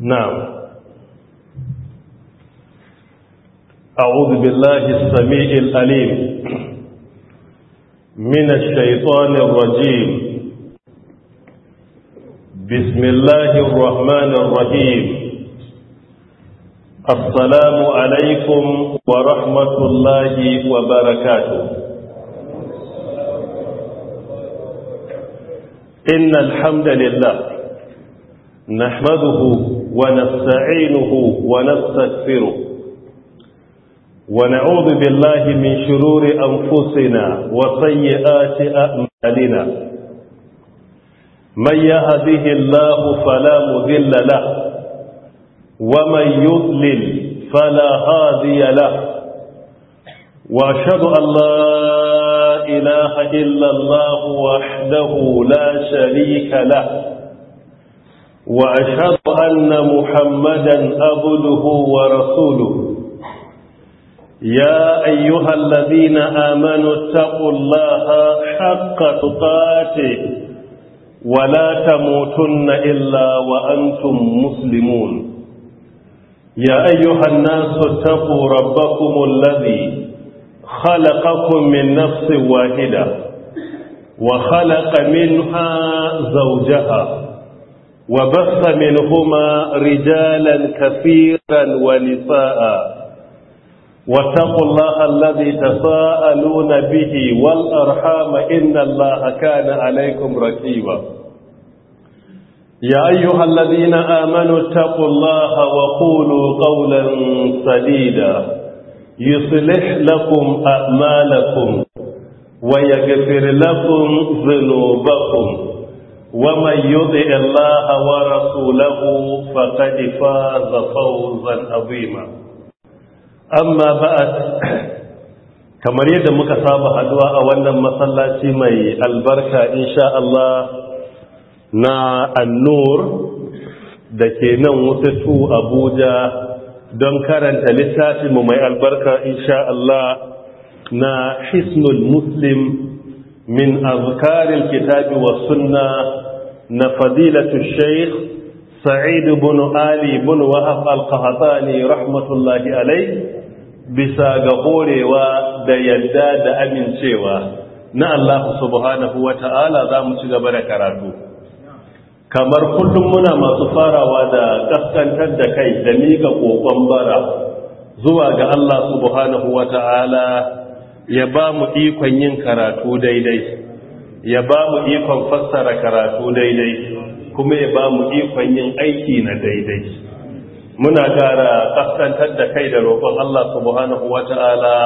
نعم أعوذ بالله السميع الأليم من الشيطان الرجيم بسم الله الرحمن الرحيم السلام عليكم ورحمة الله وبركاته إن الحمد لله نحمده ونستعينه ونستغفره ونعوذ بالله من شرور أنفسنا وسيئات أعمالنا من يهده الله فلا مذل له ومن يضلل فلا هادي له وأشهد أن لا إله إلا الله وحده لا شريك له وأشهد أن محمدا أبده ورسوله يا أيها الذين آمنوا اتقوا الله حق تقاته ولا تموتن إلا وأنتم مسلمون يا أيها الناس اتقوا ربكم الذي خلقكم من نفس واحدة وخلق منها زوجها وبث منهما رجالا كثيرا ونساء واتقوا الله الذي تساءلون به والأرحام إن الله كان عليكم ركيبا يا أيها الذين آمنوا اتقوا الله وقولوا قولا سديدا يصلح لكم أعمالكم ويغفر لكم ذنوبكم ومن يطع الله ورسوله فقد فاز فوزا عظيما اما بعد kamar yadda muka saba haduwa a wannan masallaci mai albarka insha Allah na annur da ke nan wutattu abuja don karanta littafinmu mai albarka insha Allah na hisnul muslim من أذكار الكتاب والسنة نفضيلة الشيخ سعيد بن آلي بن وهب القهطاني رحمة الله عليه da yarda أمن سوى na Allah subhanahu wa ta'ala za mu ci gaba da karatu. Kamar kullum muna masu farawa da ƙaskantar da kai da miƙa ƙoƙon bara zuwa ga Allah subhanahu wa ta'ala ya ba mu ikon yin karatu daidai ya ba mu ikon fassara karatu daidai kuma ya ba mu ikon yin aiki na daidai muna gara kaskantar da kai da roƙon Allah subhanahu wata'ala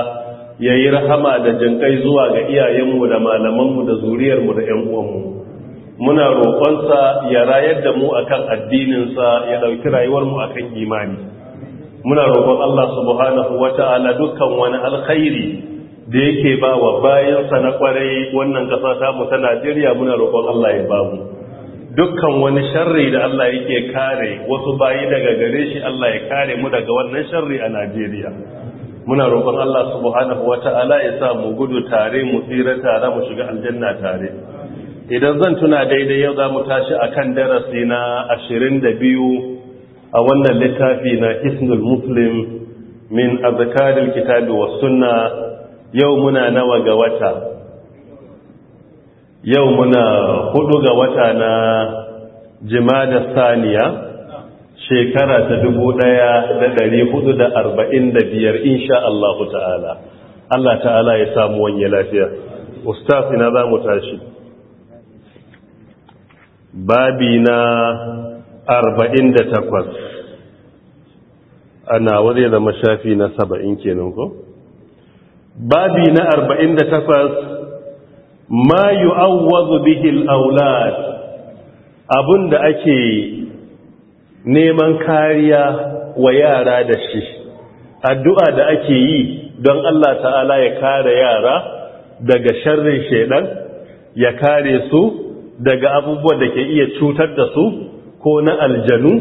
ya yi rahama da jinkai zuwa ga iyayenmu da malamanmu da zuriyarmu da 'yan uwanmu muna roƙonsa ya rayar da mu akan addininsa ya ɗauki rayuwarmu akan imani muna roƙon Allah subhanahu wata'ala dukkan wani alkhairi da yake ba wa bayansa na kwarai wannan kasa ta mu ta Najeriya muna roƙon Allah ya ba mu dukkan wani sharri da Allah yake kare wasu bayi daga gare shi Allah ya kare mu daga wannan sharri a Najeriya muna roƙon Allah subhanahu wata'ala ya sa mu gudu tare mu tsira tare mu shiga aljanna tare idan zan tuna daidai yau za mu tashi akan darasi na 22 a wannan littafi na Hisnul Muslim min azkaril kitabi was sunnah yau muna nawa ga wata yau muna hudu ga wata na jimada saniya shekara ta dubu ɗaya da dari hudu da arba'in da biyar insha Allah ta'ala Allah ta'ala ya samu wanye lafiya ustaz ina za mu tashi babi na arba'in da takwas ana wadda zama shafi na saba'in kenan ko? babi na 48 ma yu'awwadhu bihi al-awlad da ake neman kariya wa yara da shi addu'a da ake yi don Allah ta'ala ya kare yara daga sharrin shaidan ya kare su daga abubuwan da ke iya cutar da su ko na aljanu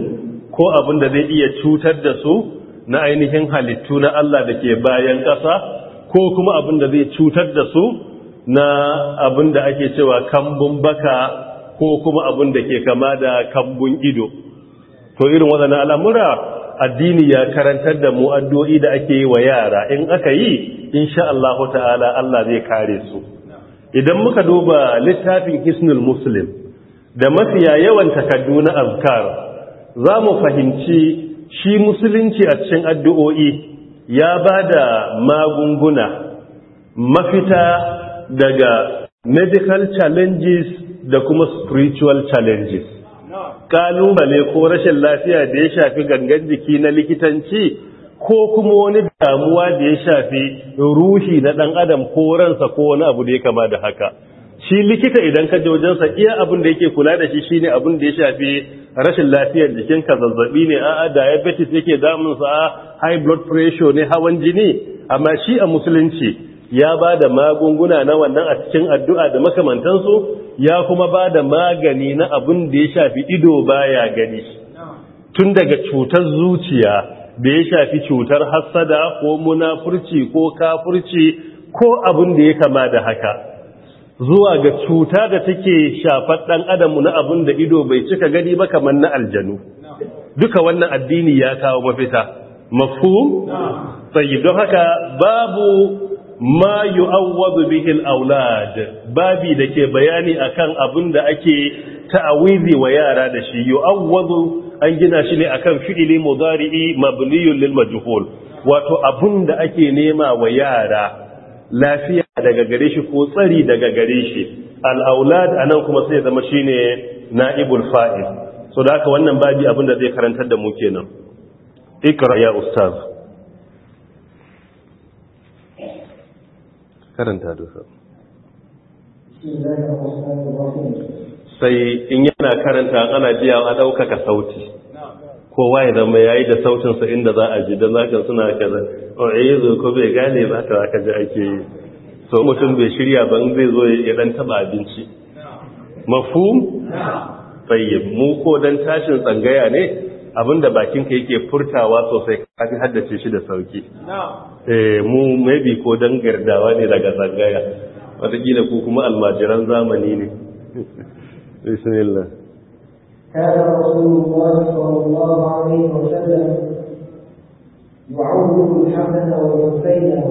ko abinda zai iya cutar da su na ainihin halittu na Allah da ke bayan ƙasa ko kuma abin da zai cutar da su na abin da ake cewa kambun baka ko kuma abin da ke kama da kambun ido to irin wadannan al'amura addini ya karantar da mu addu'o'i da ake yi wa yara in aka yi insha Allah ta'ala Allah zai kare su idan muka duba littafin hisnul muslim da mafiya yawan takaddu na azkar za mu fahimci shi musulunci a cikin addu'o'i ya ba da magunguna mafita daga medical challenges da kuma spiritual challenges kalubale ko rashin lafiya da ya shafi gangan jiki na likitanci ko kuma wani damuwa da ya shafi ruhi na dan adam ko ransa ko wani abu da ya kama da haka shi likita idan ka je sa, iya abin da yake kula da shi shi ne abin da ya shafi rashin lafiyar jikin ka zazzabi ne a'a diabetes yake damunsa a high blood pressure ne hawan jini amma shi a musulunci ya ba da magunguna na wannan a cikin addu'a da makamantansu ya kuma ba da magani na abin da ya shafi ido baya gani tun daga cutar zuciya da ya shafi cutar hassada ko munafurci ko kafurci ko abin da ya kama da haka zuwa ga cuta da take shafar ɗan adamu na abin da ido bai cika gani ba kamar na aljanu duka wannan addini ya kawo mafita mafu sai don haka babu ma yi bihi aulad babi da ke bayani a kan abin da ake ta'awizi wa yara da shi yu'awwadu an gina shi ne a akan fi'ili mazari'i mabiliyun lil wato abin da ake nema wa yara lafiya daga gare shi ko tsari daga gare shi al'aulad a nan kuma sai zama shi ne na'ibul fa'il so da aka wannan babi abinda zai karantar da mu kenan ikra ya ustaz karanta dusa sai in yana karanta ana biya a ɗaukaka sauti kowa ya zama ya yi da sautinsa inda za a ji da zakin suna kaza o yi zo ko bai gane ba ta aka ji ake yi so mutum bai shirya ba in zai zo ya dan taba abinci mafhum tayyib mu ko dan tashin tsangaya ne abinda bakinka yake furtawa sosai kafin haddace shi da sauki eh mu maybe ko dan gardawa ne daga tsangaya wataƙila ku kuma almajiran zamani ne bismillah كان رسول الله صلى الله عليه وسلم يعود الحسن والحسين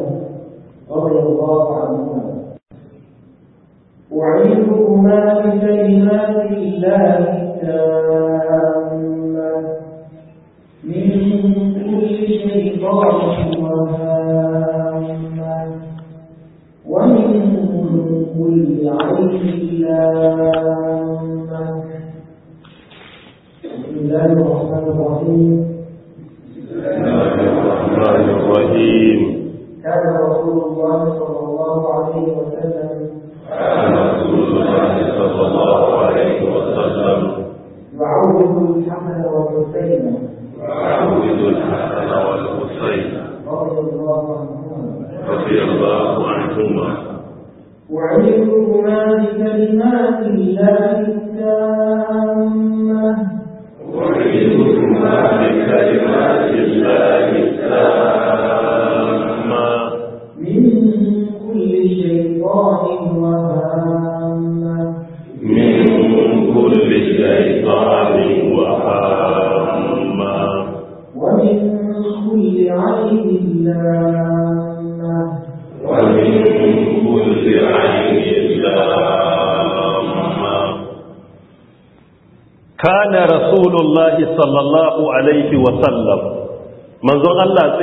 رضي الله عنهما أعيذكما بكلمات الله التامة من كل شيطان وهامة ومن كل عين لامة الله الرحمن الرحيم صلى الله عليه وسلم كان رسول الله صلى الله عليه وسلم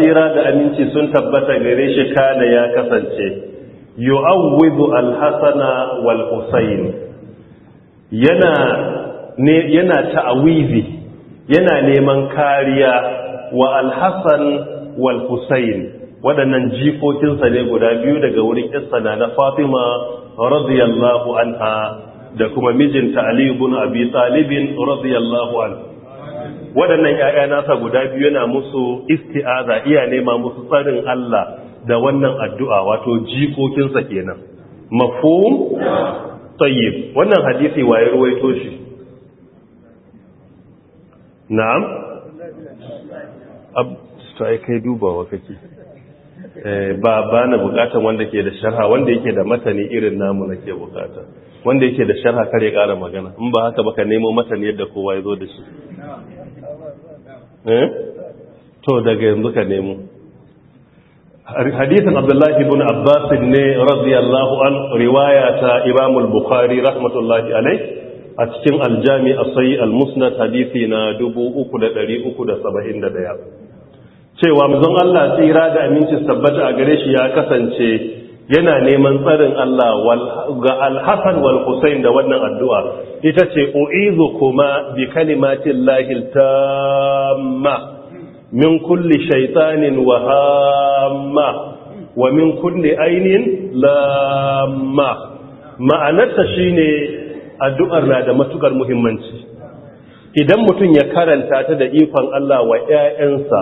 tsira da aminci sun tabbata gare shi kada ya kasance yu'awwidu al-hasana wal husayn yana ne yana ta'awizi yana neman kariya wa al-hasan wal husayn waɗannan jikokinsa ne guda biyu daga wurin kissa na Fatima radiyallahu anha da kuma mijinta Ali ibn Abi Talib radiyallahu anhu waɗannan ‘ya'ya nasa guda biyu yana musu isti'aza iya nema musu tsarin Allah da wannan addu'a wato jikokinsa kenan Mafu, tsayyib wannan hadisi waye ruwaito shi na'am ta kai dubawa kake eh, ba ba na bukatan wanda ke da sharha wanda yake da matani irin namu na ke bukata wanda yake da sharha kare kara magana in ba haka baka nemo matani yadda kowa ya zo da shi Eh? to daga yanzu ka nemo hadithin abdullahi ibn abbas ne radiyallahu an riwaya ta imam al-bukhari rahmatullahi alai a cikin aljami asai al-musnad hadithi na 3371 cewa manzon Allah tsira da aminci tabbata a gare shi ya kasance yana neman tsarin Allah ga alhasan wal Hussein da wannan addu'a ita ce o'izu kuma bi kalimatin lahil tamma min kulli shaitanin wahamma wa min kulli ainin lamma ma'anarta shi ne addu'ar na da matukar muhimmanci idan mutum ya karanta ta da ikon Allah wa ‘ya'yansa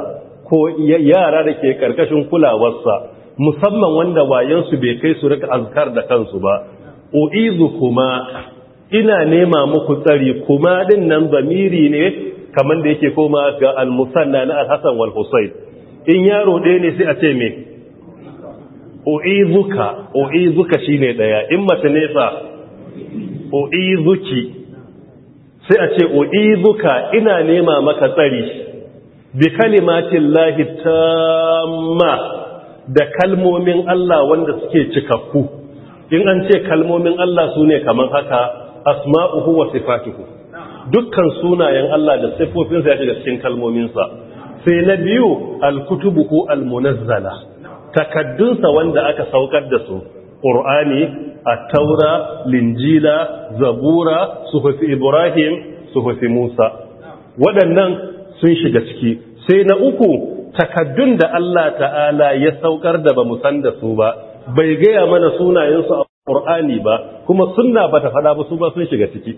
ko yara da ke ƙarƙashin kulawarsa musamman wanda wayansu bai kai su rika azkar da kansu ba uizu kuma ina nema muku tsari kuma din nan zamiri ne kamar da yake koma ga al-musanna na al-hasan wal husayn in yaro ɗaya ne sai a ce me uizuka uizuka shine daya in mace ne fa uizuki sai a ce uizuka ina nema maka tsari bi kalimatillahi lahi tamma da kalmomin Allah wanda suke cikakku in an ce kalmomin Allah su ne kamar haka asma'uhu wa sifatuhu dukkan sunayen Allah da siffofinsa ya shiga cikin kalmominsa sai na biyu alkutubuhu almunazzala takaddunsa wanda aka saukar da su qur'ani at-taura linjila zabura suhuf ibrahim suhuf musa waɗannan sun shiga ciki sai na uku takaddun da Allah ta'ala ya saukar da ba mu san da su ba bai gaya mana sunayensu a Qur'ani ba kuma sunna ba ta faɗa ba su ba sun shiga ciki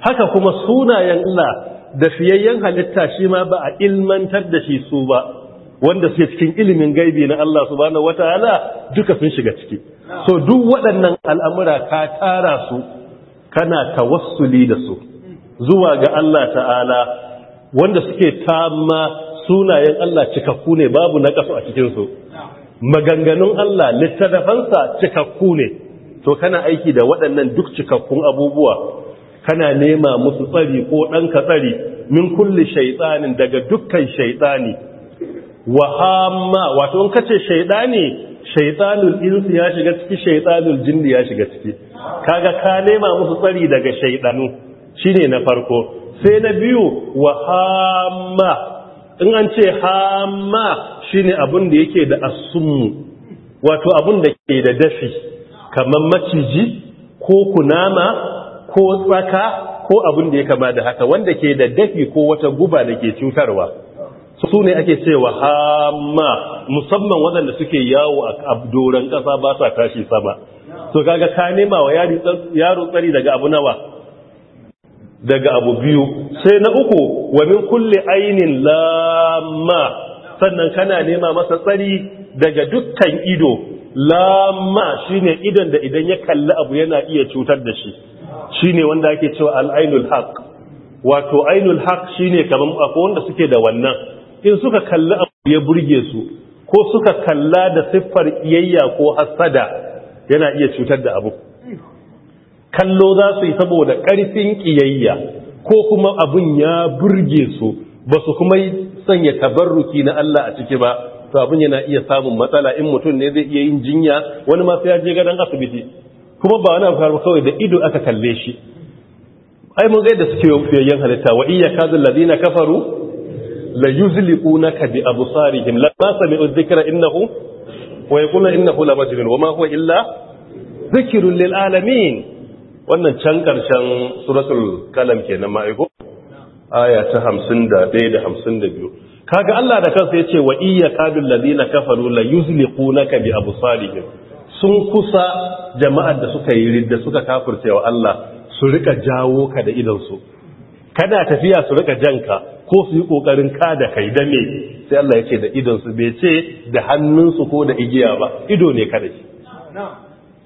haka kuma sunayen Allah da fiyayyen halitta shi ma ba a ilmantar da shi su ba wanda suke cikin ilimin gaibi na Allah subhanahu wataala duka sun shiga ciki so duk waɗannan al'amura ka tara su kana tawassuli da su zuwa ga Allah ta'ala wanda suke tama. sunayen Allah cikakku ne babu na kasu a cikinsu maganganun Allah littattafansa cikakku ne to kana aiki da waɗannan duk cikakkun abubuwa kana nema musu tsari ko ka tsari min kulli shaiɗanin daga dukkan shaiɗani wa hamma wato in kace shaiɗani shaiɗanul insi ya shiga ciki shaiɗanul jinni ya shiga ciki kaga ka nema musu tsari daga shaiɗanu shine na farko sai na biyu wa in an ce shi shine abin da yake da asummu wato abin da ke da dafi kamar maciji ko kunama ko tsaka ko abin da ya kama da haka wanda ke da dafi ko wata guba da ke cutarwa su ne ake cewa hama musamman waɗanda suke yawo a doron ƙasa ba sa tashi sama so kaga ka nema wa yaro tsari daga abu nawa daga abu biyu sai na uku wa min kulli ainin lamma sannan kana nema masa tsari daga dukkan ido lamma shine idon da idan ya kalli abu yana iya cutar da shi shine wanda ake cewa al-ainul haq wato ainul haq shine kaman akwai wanda suke da wannan in suka kalli abu ya burge su ko suka kalla da siffar iyayya ko hasada yana iya cutar da abu kallo za su yi saboda ƙarfin ƙiyayya ko kuma abin ya burge su ba su kuma sanya tabarruki na Allah a ciki ba to abin yana iya samun matsala in mutum ne zai iya yin jinya wani masu ya je gadon asibiti kuma ba wani abu kawai da ido aka kalle shi ai mun gaida suke fiyayyen halitta wa iya kazin ladina kafaru la yuzliqunaka bi absarihim la sami'u dhikra innahu wa yaquluna innahu la majnun wa ma huwa illa dhikrun lil alamin wannan can ƙarshen suratul kalam kenan ma'aiko aya ta hamsin da ɗaya da da hamsin biyu kaga Allah da kansa ya ce wa iya iyyakadul ladina kafaru la kabi bi salihin sun kusa jama'ar da suka yi ridda suka kafurce wa Allah su rika jawo ka da idansu kada tafiya su rika janka ko su yi kokarin ka da kai da me sai Allah ya ce da idansu bai ce da hannunsu ko da igiya ba ido ne kada shi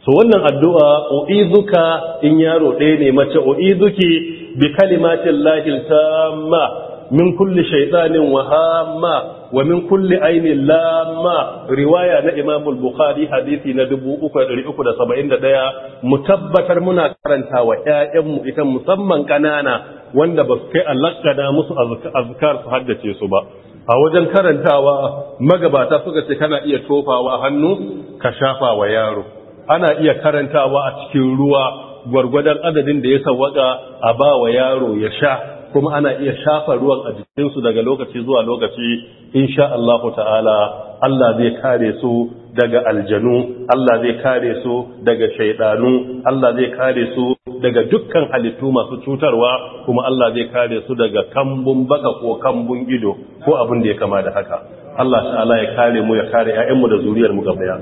to wannan addu'a u'izuka in yaro ɗaya ne mace u'izuki bi kalimatin lahil tamma min kulli shaitanin wahamma wa min kulli ainin lamma riwaya na imamul bukhari hadisi na 3,371 mu tabbatar muna karanta wa ‘ya'yanmu ita musamman ƙanana wanda ba su kai allakana musu azkar su haddace su ba a wajen karantawa magabata suka ce kana iya tofawa hannu ka shafa wa yaro ana iya karantawa a cikin ruwa gwargwadon adadin da ya sawaka a ba wa yaro ya sha kuma ana iya shafa ruwan a jikinsu daga lokaci zuwa lokaci insha Allah ta'ala Allah zai kare su daga aljanu Allah zai kare su daga shaidanu Allah zai kare su daga dukkan halittu masu cutarwa kuma Allah zai kare su daga kambun baka ko kambun ido ko abin da ya kama da haka Allah ta'ala ya kare mu ya kare 'ya'yanmu da zuriyar mu gaba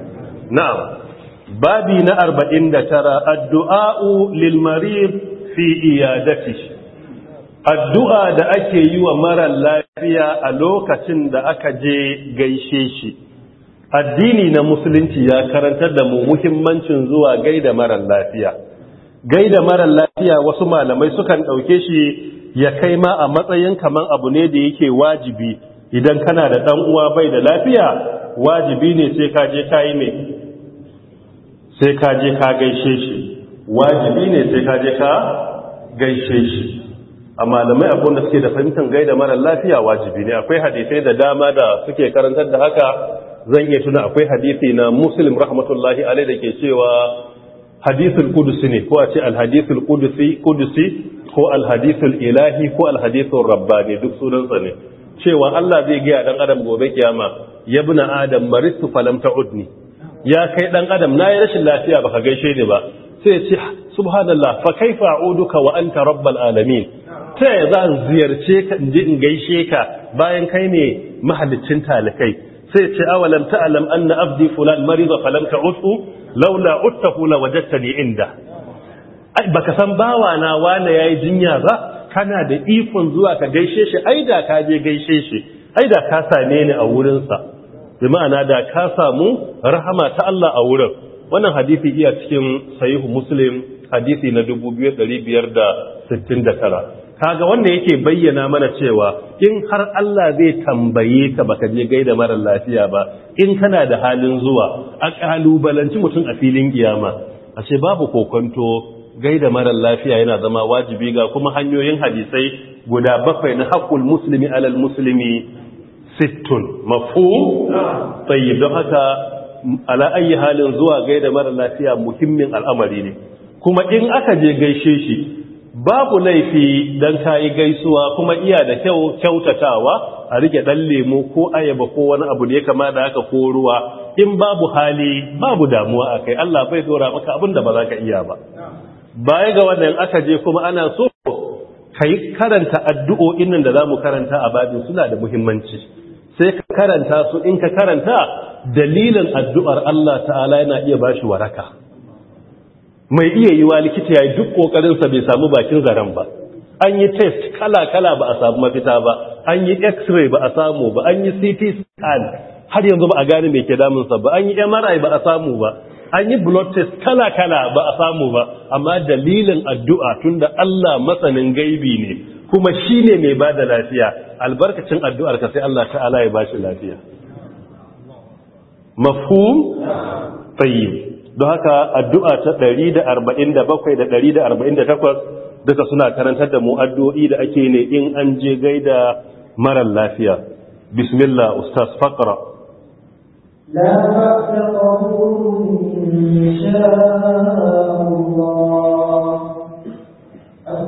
na'am babi na arba'in da tara, addu'a'u lil marid fi iyadatihi addu'a da ake yi wa mara lafiya a lokacin da aka je gaishe shi addini na musulunci ya karantar da mu muhimmancin zuwa gaida mara lafiya gaida mara lafiya wasu malamai sukan ɗauke shi ya kai ma a matsayin kaman abu ne da yake wajibi idan kana da ɗan'uwa bai da lafiya wajibi ne sai ka je ka yi mai sai ka je ka gaishe shi wajibi ne sai ka je ka gaishe shi a malamai akwai da suke da fahimtar gaida mara lafiya wajibi ne akwai hadisai da dama da suke karantar da haka zan iya tuna akwai hadisi na muslim rahmatullahi alai da ke cewa hadisul kudusi ne ko a ce alhadisul kudusi ko alhadisul ilahi ko alhadisul rabba ne duk sunansa ne cewa Allah zai gaya dan adam gobe kiyama yabna adam maristu falam ta'udni ya kai dan adam na yi rashin lafiya baka gaishe ni ba sai ya ce subhanallah fa kaifa a'uduka wa anta rabbal alamin ta ya za ziyarce ka in je in gaishe ka bayan kai ne mahallicin talakai sai ya ce awalam ta'lam anna abdi fulan marida falam ta'usu laula uttahu la wajadtani inda ai baka san bawa na wani yayi jinya ba kana da ikon zuwa ka gaishe shi ai da ka je gaishe shi ai ka same ni a wurin sa bi ma'ana da ka samu rahama ta Allah a wurin wannan hadisi iya cikin sahihu muslim hadisi na 2569 kaga wanda yake bayyana mana cewa in har Allah zai tambaye ka baka je gaida mara lafiya ba in kana da halin zuwa a kalubalanci mutum a filin kiyama ashe babu kokonto gaida mara lafiya yana zama wajibi ga kuma hanyoyin hadisai guda bakwai na haƙul musulmi alal muslimi sittun mafu tsayyib don haka ala ayi halin zuwa gaida mara lafiya muhimmin al'amari ne kuma in aka je gaishe shi babu laifi don yi gaisuwa kuma iya da kyau kyautatawa a rike ɗan lemo ko ayaba ko wani abu ne kama da aka ko ruwa in babu hali babu damuwa a kai Allah bai dora maka abin da ba za ka iya ba baya ga wannan aka je kuma ana so ka karanta addu'o'in nan da za mu karanta a babin suna da muhimmanci sai ka karanta su in ka karanta dalilin addu'ar Allah ta'ala yana iya ba shi waraka mai iya yi wa likita ya yi duk ƙoƙarinsa bai samu bakin zaren ba an yi test kala-kala ba a samu mafita ba an yi x-ray ba a samu ba an yi ct scan har yanzu ba a gane mai ke damunsa ba an yi mri ba a samu ba an yi blood test kala-kala ba a samu ba amma dalilin addu'a tun da Allah masanin gaibi ne kuma shi ne mai ba da lafiya albarkacin addu'arka sai Allah ta'ala ya ba shi lafiya mafhum tsayin don haka addu'a ta 147 da 148 duka suna karantar da mu addu'o'i da ake ne in an je gaida marar lafiya bismillah ustaz faqra la faqra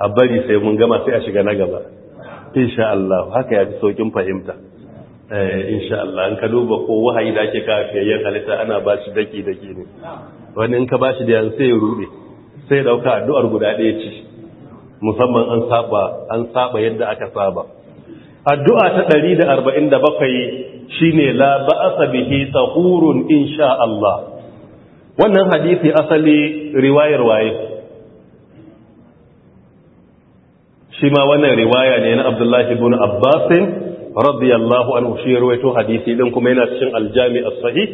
a bari sai mun gama sai a shiga na gaba insha Allah haka ya fi saukin fahimta eh, insha Allah an ka duba ko wahayi da ake kafiyayyen halitta ana ba shi daki daki ne wani in ka ba shi da yan sai ya rube sai dauka addu'ar guda ɗaya ci musamman an saba an saba yadda aka saba addu'a ta 147 shine la ba'sa bihi tahurun insha Allah wannan hadisi asali riwayar waye shi ma wannan riwaya ne na abdullahi ibn abbasin radiyallahu anhu shi ruwaito hadisi din kuma yana cikin aljami as-sahih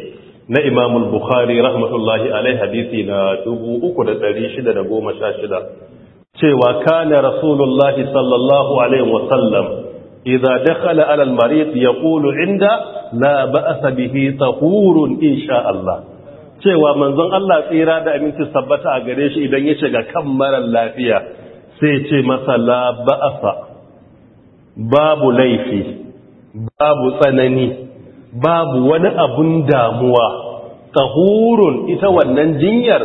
na imam al-bukhari rahmatullahi alaihi hadisi na 3616 cewa kana rasulullahi sallallahu alaihi wasallam idza dakhala ala al-marid yaqulu inda la ba'sa bihi tahurun insha Allah cewa manzon Allah tsira da aminci sabbata a gare shi idan ya shiga kan marar lafiya sai ce masa la babu laifi babu tsanani babu wani abun damuwa tahurun ita wannan jinyar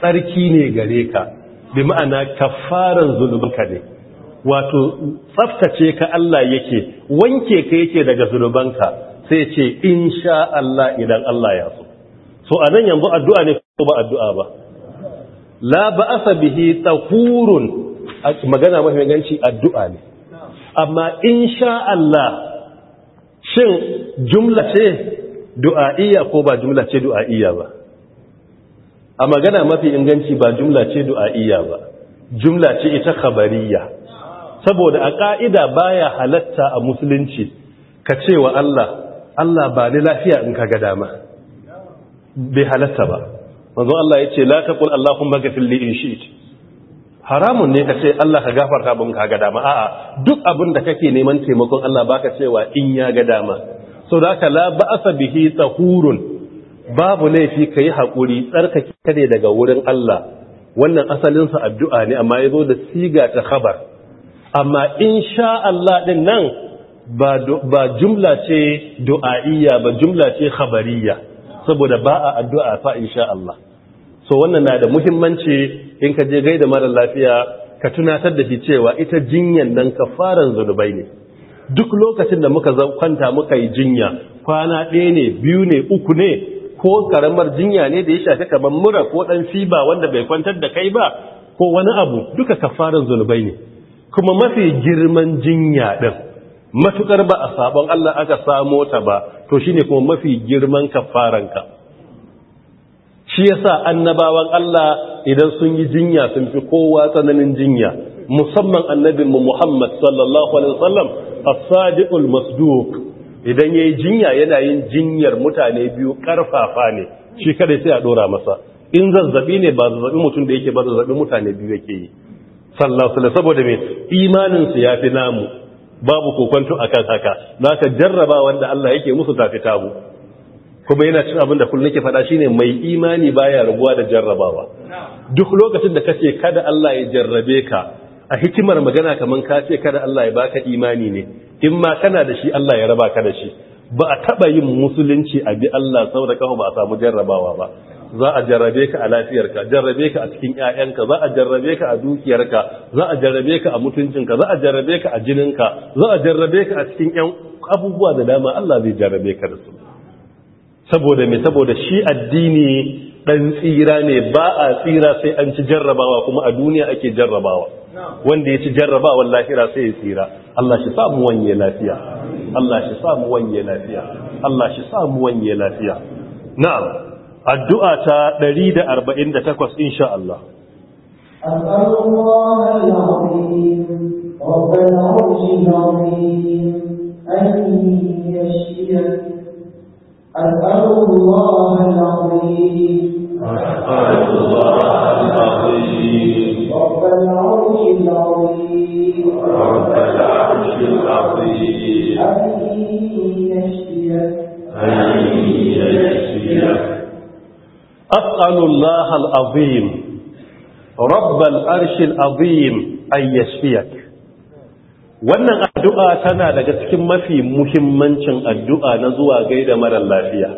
tsarki ne gare ka bi ma'ana kafaran zunubanka ne wato tsaftace ka Allah yake wanke ka yake daga zunubanka sai ce in sha Allah idan Allah ya so so anan yanzu addu'a ne ko ba addu'a ba la ba'asa bihi tahurun magana mafi ganci addu'a ne amma sha Allah shin jumla ce du'a'iyya ko ba jumla ce du'a'iyya ba a magana mafi inganci ba jumla ce du'a'iyya ba jumla ce ita khabariya saboda a ka'ida baya halatta a musulunci ka ce wa Allah Allah ba ni lafiya in ka ga dama bai halatta ba manzo Allah yace la taqul allahumma ga filli in shi'ta haramun ne ka ce Allah ka gafarta bin ka ga dama a'a duk abin da kake neman taimakon Allah baka cewa in ya ga dama so da ka la ba'sa bihi tahurun babu laifi kai hakuri tsarkake ka ne daga wurin Allah wannan asalin sa addu'a ne amma yazo da siga ta khabar amma insha Allah din nan ba ba jumla ce du'a'iyya ba jumla ce khabariyya saboda ba a addu'a fa insha Allah so wannan na da muhimmanci in ka je gaida mara lafiya ka tunatar da shi cewa ita jinyan nan kafaran zunubai ne duk lokacin da muka kwanta muka yi jinya kwana ɗaya ne biyu ne uku ne ko karamar jinya ne da ya shafi kamar mura ko ɗan fiba wanda bai kwantar da kai ba ko wani abu duka kafaran zunubai ne kuma mafi girman jinya ɗin matukar ba a sabon Allah aka samo ta ba to shine kuma mafi girman kafaranka shi yasa annabawan Allah idan sun yi jinya sun fi kowa tsananin jinya musamman annabinmu Muhammad sallallahu alaihi wasallam as-sadiqul masduq idan yayi jinya yana yin jinyar mutane biyu karfafa ne shi kada sai a dora masa in zazzabi ne ba zazzabi mutum da yake ba zazzabi mutane biyu yake yi sallallahu alaihi saboda me imanin su yafi namu babu kokonto akan haka ka jarraba wanda Allah yake musu tafi tabu kuma yana cin abin da kullum nake faɗa shine mai imani baya raguwa da jarrabawa duk lokacin da kace kada Allah ya jarrabe ka a hikimar magana kaman ka ce kada Allah ya baka imani ne in ma kana da shi Allah ya raba ka da shi ba a taba yin musulunci a bi Allah saboda kafa ba a samu jarrabawa ba za a jarrabe ka a lafiyarka jarrabe ka a cikin ƴaƴanka za a jarrabe ka a dukiyarka za a jarrabe ka a mutuncinka za a jarrabe ka a jininka za a jarrabe ka a cikin ƴan abubuwa da dama Allah zai jarrabe ka da su saboda me saboda shi addini dan tsira ne ba a tsira sai an ci jarrabawa kuma a duniya ake jarrabawa wanda ya ci jarrabawan lahira sai ya tsira Allah shi samu wanye lafiya Allah shi mu wanye lafiya Allah shi mu wanye lafiya na'am addu'a ta 148 insha Allah الله العظيم رب العرش العظيم أن يشفيك أسأل الله العظيم أسأل الله العظيم رب العرش العظيم رب العرش العظيم أن يشفيك أن يشفيك أسأل الله العظيم رب العرش العظيم أن يشفيك wannan addu'a tana daga cikin mafi muhimmancin addu'a na zuwa gaida marar lafiya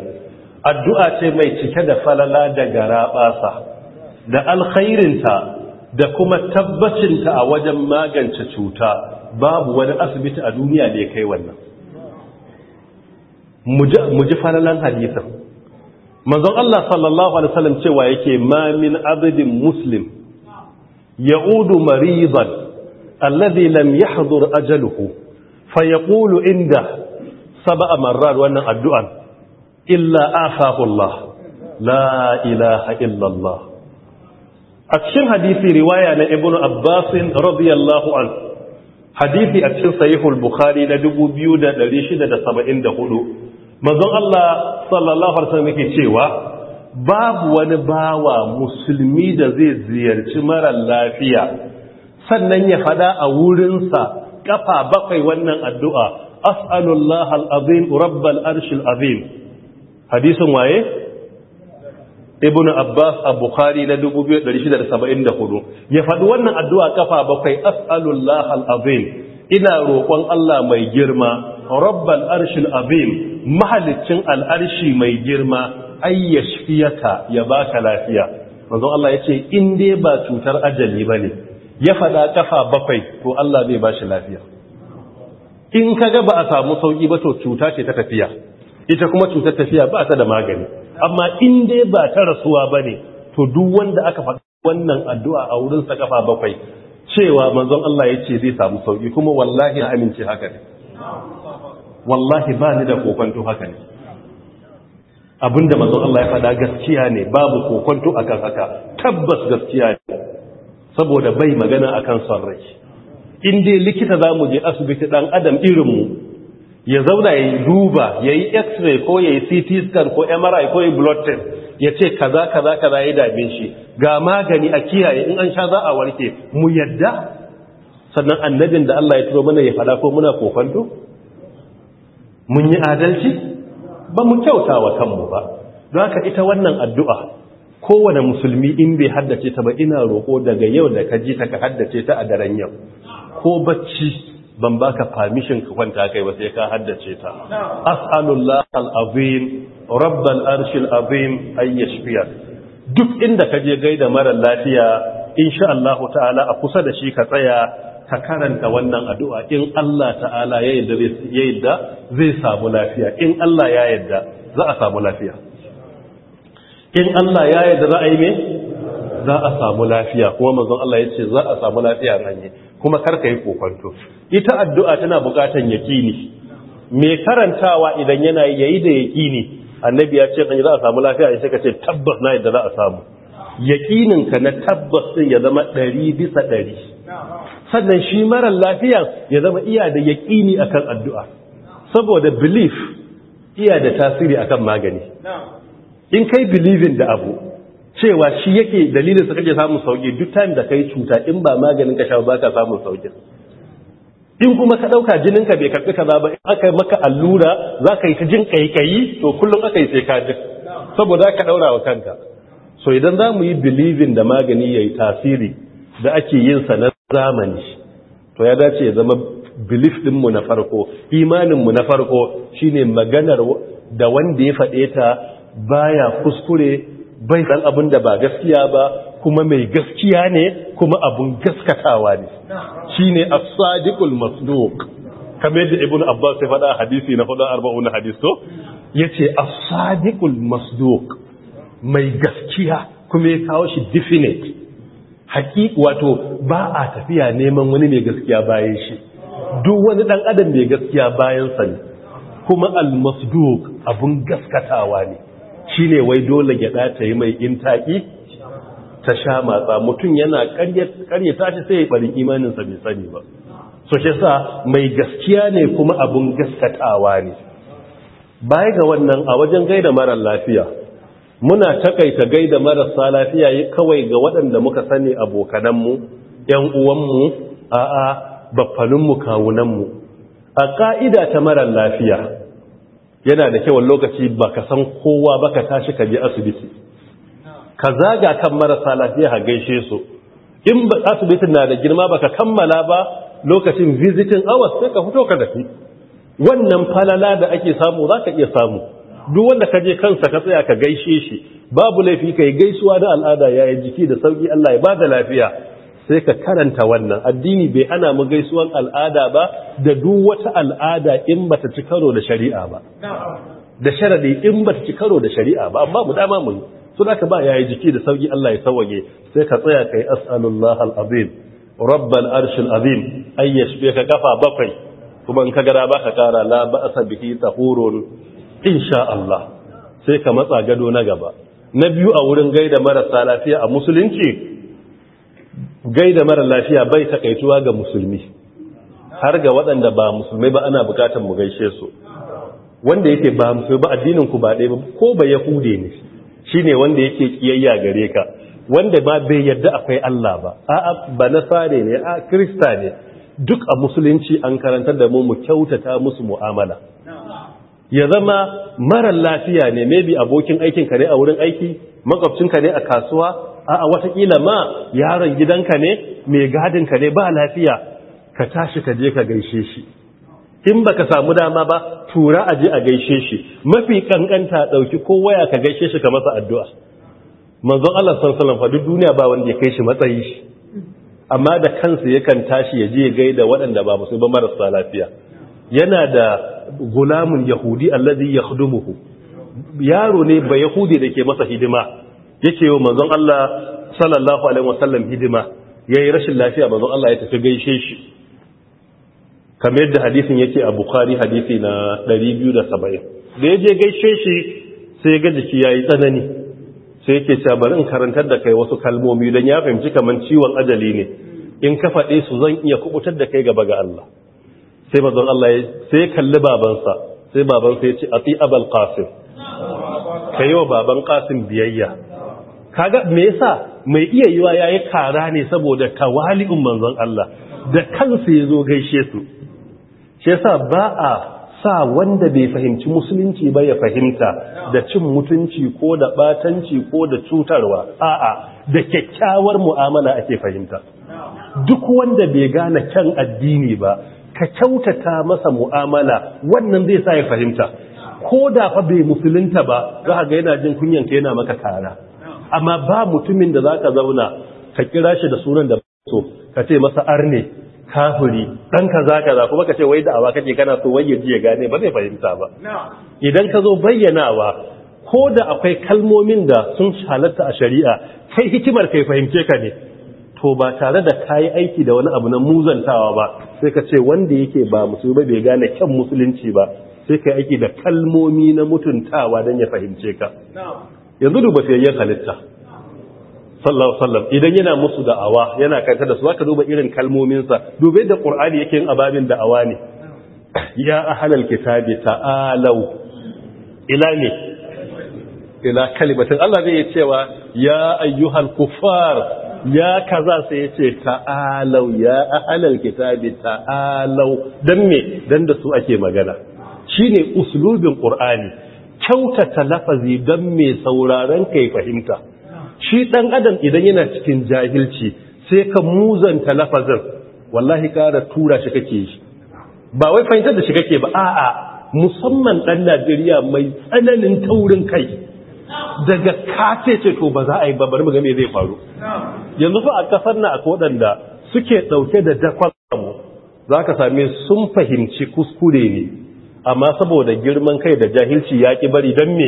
addu'a ce mai cike da falala da garaɓasa da alkhairinta da kuma tabbacinta a wajen magance cuta babu wani asibiti a duniya da ya kai wannan mu ji falalan hadisan manzon Allah sallallahu alaihi wasallam cewa yake ma min abdin muslim ya'udu maridan alladhi lam yahdur ajaluhu fayaqulu inda sab'a marrat wannan addu'an illa afahu Allah la ilaha illa Allah a cikin hadisi riwaya na ibnu abbas radiyallahu an hadisi a cikin sahihul bukhari na 2674 manzon Allah sallallahu alaihi wasallam yake cewa babu wani bawa musulmi da zai ziyarci mara lafiya sannan ya fada a wurinsa kafa bakwai wannan addu'a as'alullah al'azim rabbal arshil azim hadisun waye ibn abbas a bukhari na 2674 ya faɗi wannan addu'a kafa bakwai as'alullah al'azim ina roƙon Allah mai girma rabbal arshil azim mahalicin al'arshi mai girma ayyashfiyaka ya baka lafiya Wanzan Allah ya ce in dai ba cutar ajali ba ne ya faɗa kafa bakwai to Allah zai ba shi lafiya in ka ga ba a samu sauki ba to cuta ce ta tafiya ita kuma cutar tafiya ba ta da magani amma in dai ba ta rasuwa ba ne to duk wanda aka faɗa wannan addu'a a wurin sa kafa bakwai cewa manzon Allah ya ce zai samu sauki kuma wallahi na amince haka ne wallahi ba ni da kokonto haka ne abinda manzon Allah ya faɗa gaskiya ne babu kokonto akan haka tabbas gaskiya ne saboda bai magana akan son rai in dai likita za mu je asibiti ɗan adam irinmu ya zauna ya duba ya yi x-ray ko ya yi ct scan ko mri ko ya yi blood test ya ce kaza kaza kaza ya damin shi ga magani a kiyaye in an sha za a warke mu yadda sannan annabin da Allah ya turo mana ya fada ko muna kofanto mun yi adalci ba mu kyauta wa kanmu ba don haka ita wannan addu'a kowane musulmi in bai haddace ta ba ina roƙo daga yau da ka ji ta ka haddace ta a daren yau ko bacci ban ba ka permission ka kwanta kai ba sai ka haddace ta as'alullah al-azim rabbal arshil azim ay yashfiya duk inda ka je gaida mara lafiya insha Allah ta'ala a kusa da shi ka tsaya ka karanta wannan addu'a in Allah ta'ala ya yarda zai samu lafiya in Allah ya yarda za a samu lafiya in Allah ya yarda za a yi me za a samu lafiya kuma manzon Allah ya ce za a samu lafiya hanyar kuma karka yi kokonto ita addu'a tana bukatan yaƙini, me karantawa idan yana yayi da yakini annabi ya ce kan za a samu lafiya ya ka ce tabbas na yadda za a samu yaƙinin ka na tabbas din ya zama ɗari bisa ɗari sannan shi marar lafiya ya zama iya da yakini akan addu'a saboda belief iya da tasiri akan magani in kai believing da abu cewa shi yake dalilin sa kake samun sauki duk time da kai cuta in ba maganin ka sha ba ka samun sauki in kuma ka dauka jinin ka bai karbi kaza ba in aka maka allura zaka yi ta jin kaikayi to kullum aka yi sai ka ji saboda ka daura wa kanka so idan za mu yi believing da magani yayi tasiri da ake yin sa na zamani to ya dace ya zama belief mu na farko imanin mu na farko shine maganar da wanda ya faɗe ta baya kuskure bai san abin da ba gaskiya ba kuma mai gaskiya ne kuma abun gaskatawa ne shine as-sadiqul masduq kamar yadda ibn abbas ya faɗa hadisi na faɗa arba'un hadis to yace as-sadiqul masduq mai gaskiya kuma ya kawo shi definite hakiki wato ba a tafiya neman wani mai gaskiya bayan shi duk wani ɗan adam mai gaskiya bayan sani kuma al-masduq abun gaskatawa ne shine wai dole gyada ta yi mai intaki ta sha matsa mutum yana karyata shi sai ya bari imaninsa bai sani ba so shi sa mai gaskiya ne kuma abun gaskatawa ne baya ga wannan a wajen gaida marar lafiya muna takaita gaida marasa lafiya yi kawai ga waɗanda muka sani abokananmu ‘yan uwanmu a'a baffaninmu kawunanmu a ƙa'ida ta marar lafiya yana da kyau lokaci ba ka san kowa ba ka tashi ka je asibiti ka zaga kan marasa lafiya ha gaishe su in ba asibitin na da girma ba ka kammala ba lokacin visitin hours sai ka fito ka tafi wannan falala da ake samu za ka iya samu duk wanda ka je kansa ka tsaya ka gaishe shi babu laifi kai gaisuwa da al'ada yayin jiki da sauki Allah ya da lafiya sai ka karanta wannan addini bai ana mu gaisuwan al'ada ba da duk wata al'ada in bata ci karo da shari'a ba da sharadi in bata ci karo da shari'a ba amma mu dama mu so da ka ba yayi jiki da sauki Allah ya sauke sai ka tsaya kai as'alullah al'azim rabbal arshil azim bi ka kafa bakwai kuma in ka gara ba ka kara la ba'sa bihi tahurun insha Allah sai ka matsa gado na gaba na biyu a wurin gaida marasa lafiya a musulunci gaida mara lafiya bai takaituwa ga musulmi har ga waɗanda ba musulmai ba ana bukatar mu gaishe su wanda yake ba musulmi ba addinin ku ba ɗaya ba ko ba yahude ne shine wanda yake kiyayya gare ka wanda ba bai yarda akwai Allah ba a'a ba nasare ne a krista ne duk a musulunci an karantar da mu mu kyautata musu mu'amala ya zama mara lafiya ne maybe abokin aikin ka ne a wurin aiki makwabcin ka ne a kasuwa a'a watakila ma yaron gidanka ne mai gadinka ne ba lafiya ka tashi ka je ka gaishe shi in baka samu dama ba tura a je a gaishe shi mafi kankanta ɗauki ko waya ka gaishe shi ka masa addu'a manzon Allah sallallahu alaihi wasallam duniya ba wanda ya kai shi matsayi shi amma da kansa kan tashi ya je gaida waɗanda ba musu ba marasa lafiya yana da gulamun yahudi allazi yakhdumuhu yaro ne ba yahudi da ke masa hidima yake wa manzon Allah sallallahu alaihi wasallam hidima ya yi rashin lafiya manzon Allah ya tafi gaishe shi kamar yadda hadisin yake a bukari hadisi na 270 da ya je gaishe shi sai ga jiki yi tsanani sai yake cewa bari in karantar da kai wasu kalmomi don ya fahimci kamar ciwon ajali ne in ka faɗe su zan iya kubutar da kai gaba ga Allah sai manzon Allah sai ya kalli babansa sai babansa ya ce a ati abal qasim kai wa baban qasim biyayya kaga me yasa mai iya yiwa yayi kara ne saboda tawali'un manzon Allah da kansa yazo gaishe su shi yasa ba a sa wanda bai fahimci musulunci ba ya fahimta da cin mutunci ko da batanci ko da cutarwa a'a da kyakkyawar mu'amala ake fahimta duk wanda bai gane kan addini ba ka kyautata masa mu'amala wannan zai sa ya fahimta ko da fa bai musulunta ba za ga yana jin kunyanka yana maka kara amma ba mutumin da zaka zauna ka kira shi da sunan da so ka ce masa arne kafiri dan kaza kaza kuma ka ce wai da'awa kake kana so wai yaji ya gane ba zai fahimta ba idan ka zo bayyanawa ko da akwai kalmomin da sun shalatta a shari'a kai hikimar kai fahimce ka ne to ba tare da kayi aiki da wani abu na muzantawa ba sai ka ce wanda yake ba musulmi ba bai gane kyan musulunci ba sai ka aiki da kalmomi na mutuntawa dan ya fahimce ka yanzu duba sayayyen halitta sallallahu sallam idan yana musu da'awa yana kanta da su zaka duba irin kalmominsa Duba da qur'ani yake yin ababin da'awa ne ya ahlal kitabi ta'alu ila ne ila kalimatin Allah zai cewa ya ayyuhal kuffar ya kaza sai yace ta'alu ya ahlal kitabi ta'alu dan me dan da su ake magana shine uslubin qur'ani kyautata lafazi don mai sauraron ka ya fahimta shi ɗan adam idan yana cikin jahilci sai ka muzanta lafazin wallahi ƙara tura shi kake shi ba wai fahimtar da shi kake ba a'a musamman ɗan najeriya mai tsananin taurin kai daga kace ce to ba za a yi babbar maga me zai faru yanzu fa a kasar na akwai waɗanda suke ɗauke da dakon mu za ka same sun fahimci kuskure ne amma saboda girman kai da jahilci ya ki bari don me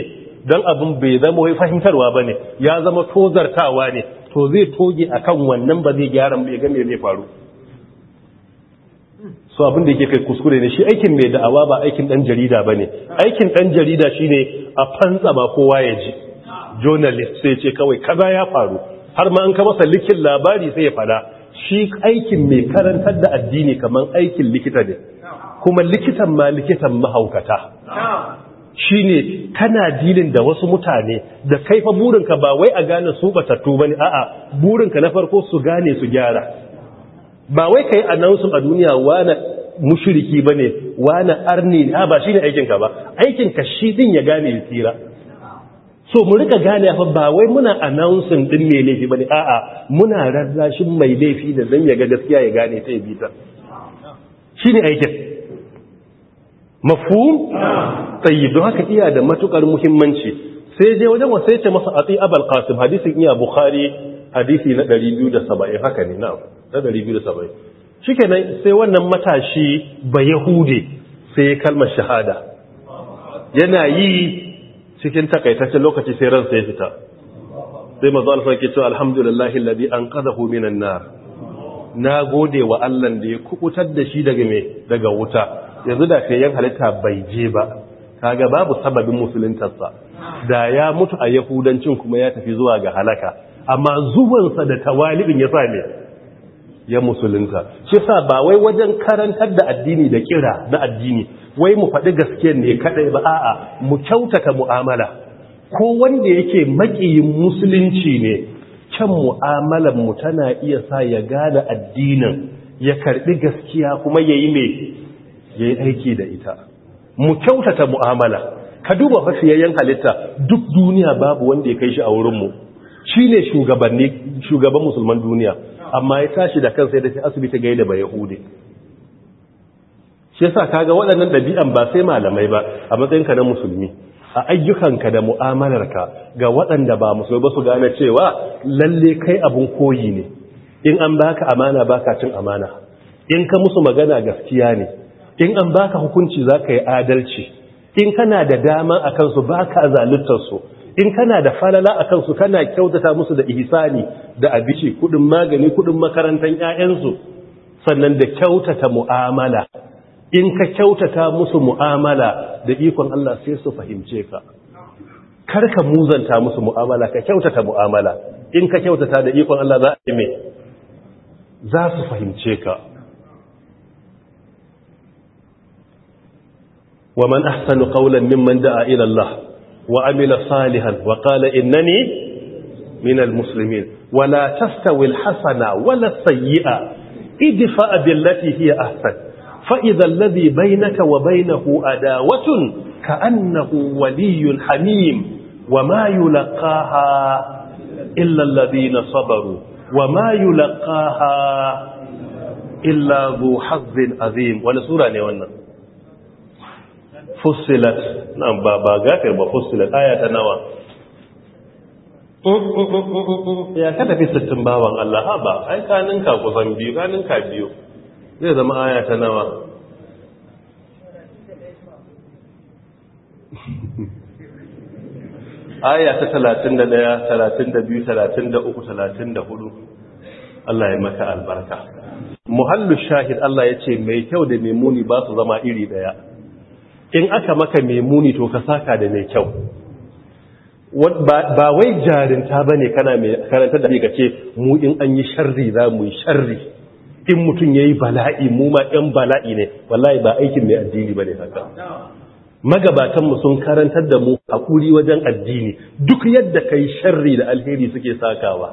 don abin bai zama wai fahimtarwa ba ne ya zama tozartawa ne to zai toge a kan wannan ba zai gyara mai game mai faru Su abin da yake kai kuskure ne shi aikin mai da'awa ba aikin ɗan jarida ba ne aikin ɗan jarida shi ne a fantsa ba kowa ya ji journalist sai ce kawai kaza ya faru har ma an ka masa likin labari sai ya fada shi aikin mai karantar da addini kamar aikin likita ne kuma likitan ma likitan mahaukata shi ne kana dilin da wasu mutane da kaifa burinka ba wai a gane su batattu ba ne a'a burinka na farko su gane su gyara ba wai ka yi annonsu a duniya wane mushiriki ba ne wane arni ha ba shi ne aikinka ba aikinka shi din ya gane ya tsira so mu rika gane fa ba wai muna annonsu din mai laifi ba ne? a'a muna rarrashin mai laifi da zan ya ga gaskiya ya gane ta ya bitar Shi ne aikin mafhum tsayi don haka iya da matukar muhimmanci sai je wajen wasa yace masa tsaye abal kasim hadisin iya bukhari hadisi na 270 haka ne na 270 shikenan sai wannan matashi ba yahude sai kalmar shahada yana yi cikin takaitaccen lokaci sai ransa ya fita sai mazu Allah yake cewa alhamdulillahi ladi an minan na, na gode wa Allah da ya kubutar da shi daga wuta yanzu da fiyayyen halitta bai je ba kaga babu sababin musuluntarsa da ya mutu a yahudancin kuma ya tafi zuwa ga halaka amma zuwansa da tawalibin ya same ya musulunta shi sa ba wai wajen karantar da addini da kira na addini wai mu faɗi gaske ne kaɗai ba a'a mu kyautata mu'amala ko wanda yake maƙiyin musulunci ne can mu'amalar mu tana iya sa ya gane addinin ya karɓi gaskiya kuma ya yi mai ya yi aiki da ita mu kyautata mu'amala ka duba fasiyayyen halitta duk duniya babu wanda ya kai shi a wurinmu shi ne shugaban musulman duniya amma ya tashi da kansa da sai asibiti gaida ba yahudi shi yasa kaga waɗannan ɗabi'an ba sai malamai ba a matsayinka na musulmi a ayyukanka da mu'amalarka ga waɗanda ba musulmi ba su gane cewa lalle kai abun koyi ne in an baka amana baka cin amana in ka musu magana gaskiya ne in an baka hukunci za ka yi adalci in kana da dama a kansu ba ka su, in kana da falala a kansu kana kyautata musu da ihsani da abici kudin magani kudin makarantar 'ya'yansu sannan da kyautata mu'amala in ka kyautata musu mu'amala da ikon Allah sai su fahimce ka karka muzanta musu mu'amala ka kyautata mu'amala in ka kyautata da ikon Allah za a yi mai za su fahimce ka ومن أحسن قولا ممن دعا إلى الله وعمل صالحا وقال إنني من المسلمين ولا تستوي الحسنة ولا السيئة ادفع بالتي هي أحسن فإذا الذي بينك وبينه أداوة كأنه ولي حميم وما يلقاها إلا الذين صبروا وما يلقاها إلا ذو حظ عظيم ولا سورة نيوانا fussilat nan ba ba gafir ba fussilat aya ta nawa mm, mm, mm, ya ka tafi sittin bawan Allah ha ba ai kanin ka kusan biyu kanin ka biyu zai zama aya ta nawa aya ta 31 32 33 34 Allah ya maka albarka muhallu shahid Allah ya ce mai kyau da mai muni ba su zama iri daya in aka maka mai muni to ka saka da mai kyau ba wai jarinta ba ne kana mai karanta da ka ce mu in an yi sharri za mu yi sharri in mutum ya yi bala'i mu ma 'yan bala'i ne wallahi ba aikin mai addini ba ne haka magabatanmu sun karantar da mu hakuri wajen addini duk yadda ka yi sharri da alheri suke sakawa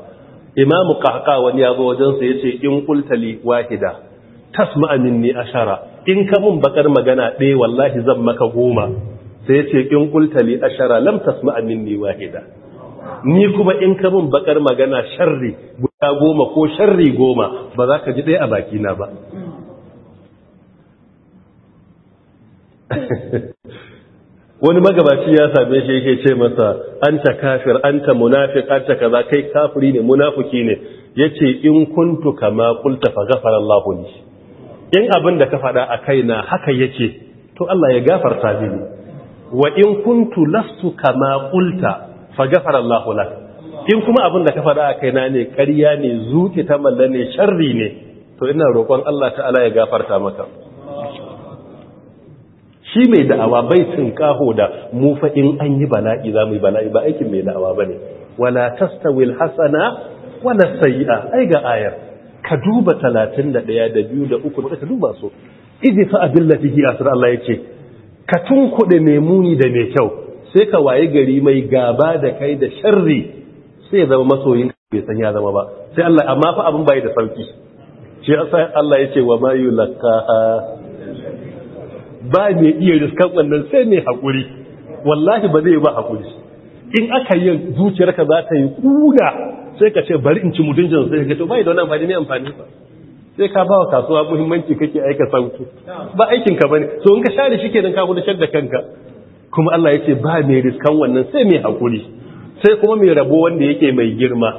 imamu kaka wani ya zo wajensa ya ce in kultali wahida tasma'a minni ashara in ka mun bakar magana ɗaya wallahi zan maka goma sai yace ce in kultali ashara lam tasma'a minni wahida ni kuma in ka mun bakar magana sharri guda goma ko sharri goma ba za ka ji ɗaya a baki na ba wani magabaci ya same shi yake ce masa an ta kafir an anta munafiq ta kaza kai kafiri ne munafiki ne yace in kuntu kama qulta fa ghafara Allahu li in abin da ka faɗa a kai na haka yake to Allah ya gafarta mini wa in kuntu lastu kama qulta fa ghafara Allahu lak in kuma abin da ka faɗa a kaina ne ƙarya ne zuke ta malla ne sharri ne to ina roƙon Allah ta'ala ya gafarta maka shi mai da'awa bai tun kaho da mu fa in an yi bala'i za mu yi bala'i ba aikin mai da'awa bane wala tastawil hasana wala sayyi'a ai ga ayar ka duba talatin da ɗaya da biyu da uku da ka duba su izi fa abin lafihi a Allah yace, ce ka tunkuɗe mai muni da mai kyau sai ka waye gari mai gaba da kai da sharri sai ya zama masoyin bai san ya zama ba sai Allah amma fa abin bayi da sauki shi yasa Allah yace, ce wa ma yulaqaha ba mai iya riskan wannan sai mai haƙuri wallahi ba zai ba haƙuri in aka yi zuciyarka za ta yi kuga sai ka ce bari in ci mutuncin sai ka to bai da wani amfani ne amfani ba sai ka ba wa kasuwa muhimmanci kake aika sauki ba aikin ka bane so in ka share shi kenan ka gudanar da kanka kuma Allah yace ba mai riskan wannan sai mai hakuri sai kuma mai rabo wanda yake mai girma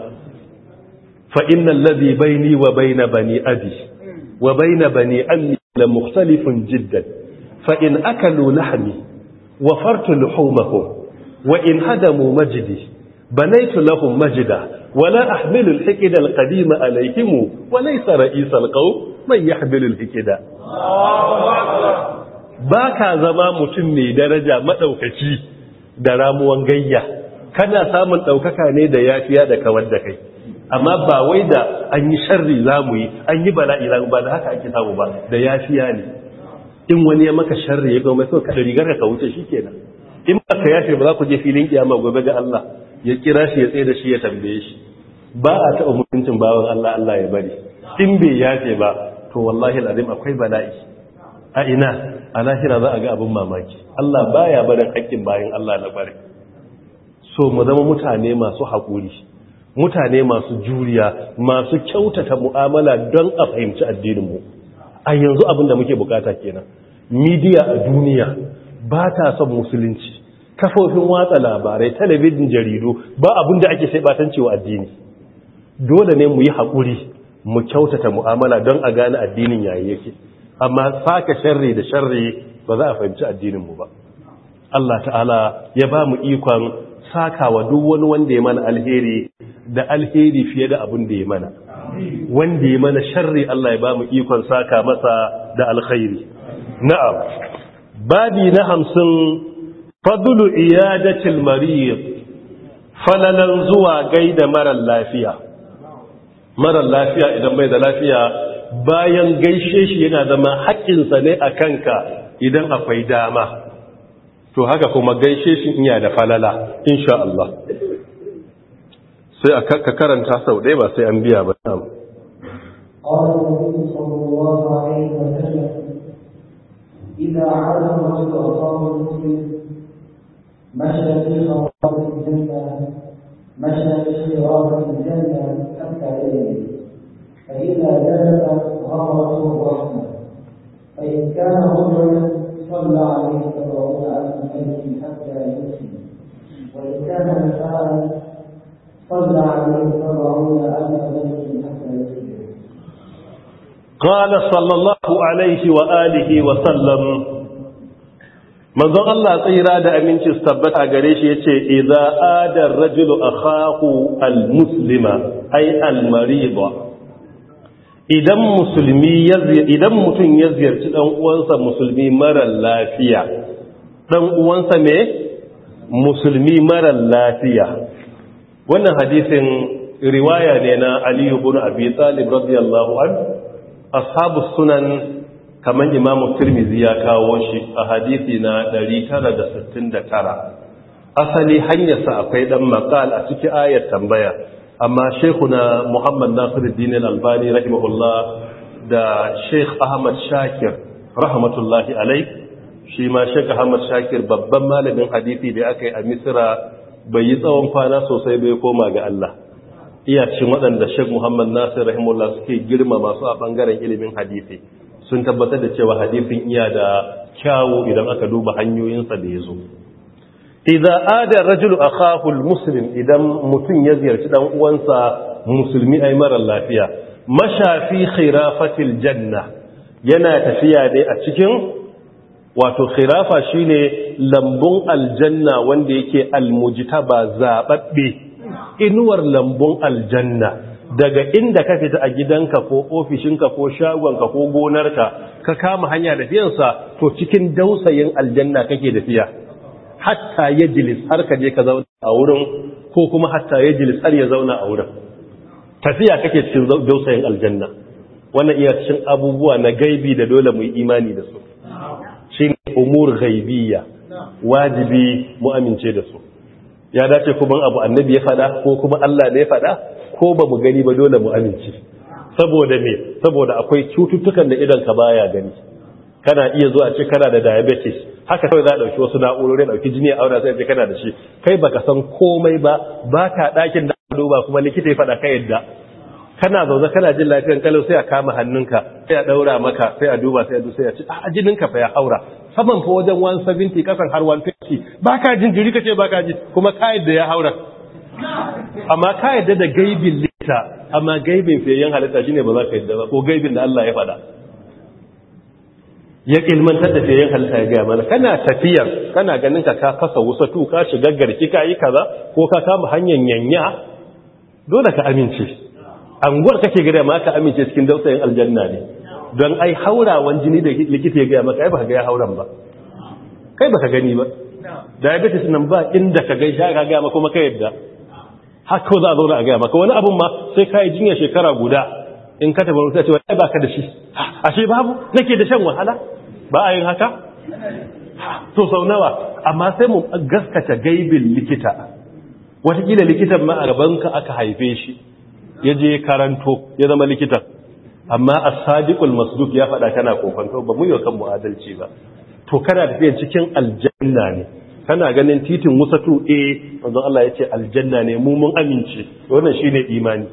fa innal ladhi baini wa baina bani abi wa baina bani ammi la mukhtalifun jiddan fa in akalu lahmi fartu luhumahum wa in hadamu majdi بنيت لهم majida wala أحمل الحكدة القديمة al وليس رئيس القوم من يحمل الحكدة باكا زمام تني درجة baka zama mutum mai daraja maɗaukaci da ramuwar gayya kana samun daukaka ne da yafiya da kawar da kai amma ba wai da an yi sharri zamu yi an yi bala'i zamu ba da haka ake samu ba da yafiya ne in wani ya maka sharri ya ga mai so ka rigar ka wuce shikenan in baka ka yafe ba za ku je filin kiyama gobe ga Allah ya kira shi ya tsaye da shi ya tambaye shi ba a taɓa mutuncin bawan Allah Allah ya bari in bai yafe ba to wallahi alazim akwai bala'i a ina a lahira za a ga abin mamaki Allah baya barin haƙƙin bayan Allah na bari so mu zama mutane masu haƙuri mutane masu juriya masu kyautata mu'amala don a fahimci addinin mu a yanzu abin da muke bukata kenan midiya a duniya ba ta son musulunci kafofin watsa labarai talabijin jaridu ba abin da ake sai batancewa addini dole ne mu yi haƙuri mu kyautata mu'amala don a gane addinin yayi yake amma saka sharri da sharri ba za a fahimci addininmu ba Allah ta'ala ya ba mu ikon sakawa duk wani wanda ya mana alheri da alheri fiye da abun da ya mana wanda ya mana sharri Allah ya ba mu ikon saka masa da alkhairi na'am babi na hamsin fadlu iyadatil marid falalan zuwa gaida marar lafiya marar lafiya idan bai da lafiya bayan gaishe shi yana zama haƙƙinsa ne a kanka idan akwai dama to haka kuma gaishe shi iya da falala insha Allah sai ka karanta sau ɗaya ba sai an biya ba samu إذا علمت الأصابة مشى في خراب الجنة مشى في خراب الجنة حتى إليه فإذا دخلت غمرته الرحمة فإن كان رجلا صلى عليه سبعون ألف ليلة حتى يسلم وإن كان مثالا صلى عليه سبعون ألف ليلة حتى يسلم قال صلى الله عليه وآله وسلم manzon Allah tsira da aminci su tabbata gare shi yace 'Iza adar rajulu akhahu almuslima ay almarida idan musulmi idan mutum ya ziyarci ɗan uwansa musulmi mara lafiya dan uwansa musulmi mara lafiya wannan hadisin riwaya ne na aliyu ibn Abi Talib radiyallahu an ashabu sunan kamar imamu turmizi ya kawo shi a hadithi na 969 asali hanyarsa akwai dan makal a cikin ayar tambaya amma shekuna muhammad nasiruddin al-albani rahimahullah da sheikh ahmad shakir rahmatullahi alai shi ma sheikh ahmad shakir babban malamin hadithi da aka yi a misira bai yi tsawon kwana sosai bai koma ga allah iyacin waɗanda sheikh muhammad nasir rahimahullah suke girma masu a ɓangaren ilimin hadithi sun tabbatar da cewa hadifin iya da kyawu idan aka duba hanyoyinsa da ya zo idza ada rajulu akhahu musulun. idan mutum ya ziyarci dan uwansa musulmi ayi mara lafiya mashafi khirafatil janna yana tafiya dai a cikin wato khirafa shine lambun aljanna wanda yake almujitaba zaɓaɓɓe. inuwar lambun aljanna daga inda ka fita a gidanka ko ofishinka ko shagonka ko gonarka ka kama hanya da fiyansa to cikin dausayin aljanna kake da fiya hatta ya jilis har ka je ka zauna a wurin ko kuma hatta ya jilis har ya zauna a wurin tafiya kake cikin dausayin aljanna wannan iya cikin abubuwa na gaibi da dole mu yi imani da su shi ne umur gaibiya wajibi mu amince da su ya dace kuma abu annabi ya fada ko kuma Allah ne ya fada ko ba mu gani ba dole mu amince saboda me saboda akwai cututtukan da idan ka baya gani kana iya zuwa ce kana da diabetes haka kawai za a dauki wasu na'urori dauki jini a aura sai ce kana da shi kai baka san komai ba baka dakin da duba kuma likita ya fada ka yadda kana zaune kana jin lafiyar kalau sai a kama hannunka sai a daura maka sai a duba sai a duba sai a ce a jininka fa ya haura saman fa wajen 170 kasan har 150 baka jin jiri kace baka ji kuma kai da ya haura amma ka yadda da gaibin lita amma gaibin fiyayyen halitta shine ba za ka yadda ba ko gaibin da Allah ya faɗa ya ilmantar da fiyayyen halitta ya gaya mana kana tafiyar kana ganin ka ka kasa wusatu ka shiga garki ka yi kaza ko ka kama hanyar yanya dole ka amince anguwar kake gida ma ka amince cikin dausayin aljanna ne don ai haurawan jini da likita ya gaya maka ai baka ga ya hauran ba kai baka gani ba diabetes nan ba inda ka gaisha ka gaya maka kuma ka yadda haka za a zauna a gaya maka wani abun ma sai kayi jinya shekara guda in ka tafi rubuta cewa ai baka da shi ashe babu nake da shan wahala ba a yin haka to sau nawa amma sai mu gaskata gaibin likita watakila likitan ma a gabanka aka haife shi ya je karanto ya zama likitan amma a sadiqul masduq ya faɗa kana kofanto ba mu yi wa kanmu adalci ba to kana tafiya cikin aljanna ne kana ganin titin wusatu eh manzon Allah yace aljanna ne mu mun amince wannan shine imani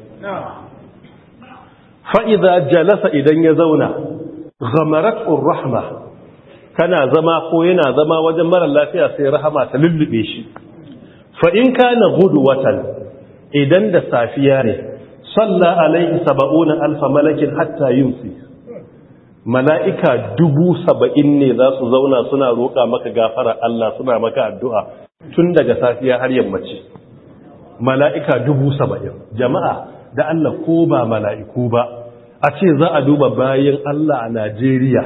fa'iza jalasa idan ya zauna ghamaratur rahma kana zama ko yana zama wajen mara lafiya sai rahama ta lullube shi fa na gudu watan idan da safiya ne salla alaihi sab'una alfa malakin hatta su. mala'ika dubu saba'in ne za su zauna suna roƙa maka gafara Allah suna maka addu'a tun daga safiya har yammaci mala'ika dubu saba'in jama'a da Allah ko ba mala'iku ba a ce za a duba bayan Allah a Najeriya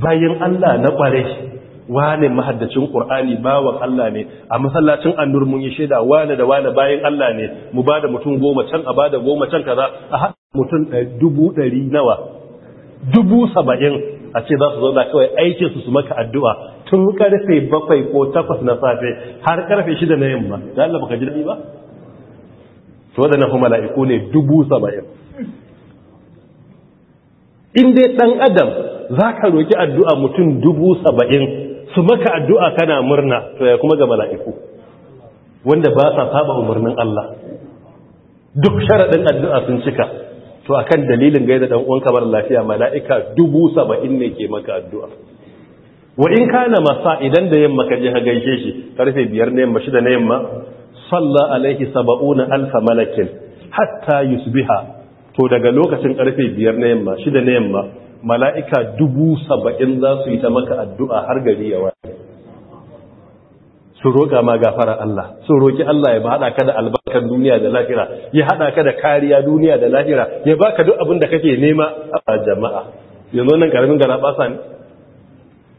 bayan Allah na ƙware wane mahaddacin ƙur'ani bawan Allah ne a masallacin annur mun yi shaida wane da wane bayan Allah ne mu ba da mutum goma can a ba da goma can kaza a haɗa mutum eh, dubu ɗari nawa dubu saba'in a ce za su zauna kawai aikin su su maka addu'a tun karfe bakwai ko takwas na safe har karfe shida na yamma da Allah baka jirgi ba? su na kuma mala'iku ne dubu saba'in in dai ɗan adam za ka roƙi addu'a mutum dubu saba'in su maka addu'a kana murna to ya kuma ga mala'iku wanda ba sa saba umarnin Allah duk sharaɗin addu'a sun cika to akan dalilin gaida dan uwanka mara lafiya mala'ika dubu saba'in ne ke maka addu'a wa in kana masa idan da yamma ka je ka gaishe shi karfe biyar na yamma shida na yamma salla alaihi saba'una alfa malakin hatta yusbiha to daga lokacin karfe biyar na yamma shida na yamma mala'ika dubu saba'in za su yi ta maka addu'a har gari ya waye Sun roƙa ma gafara Allah sun roƙi Allah ya haɗa ka da albarkar duniya da lahira ya haɗa ka da kariya duniya da lahira ya baka duk abin da kake nema a jama'a yanzu nan karamin gara basa ne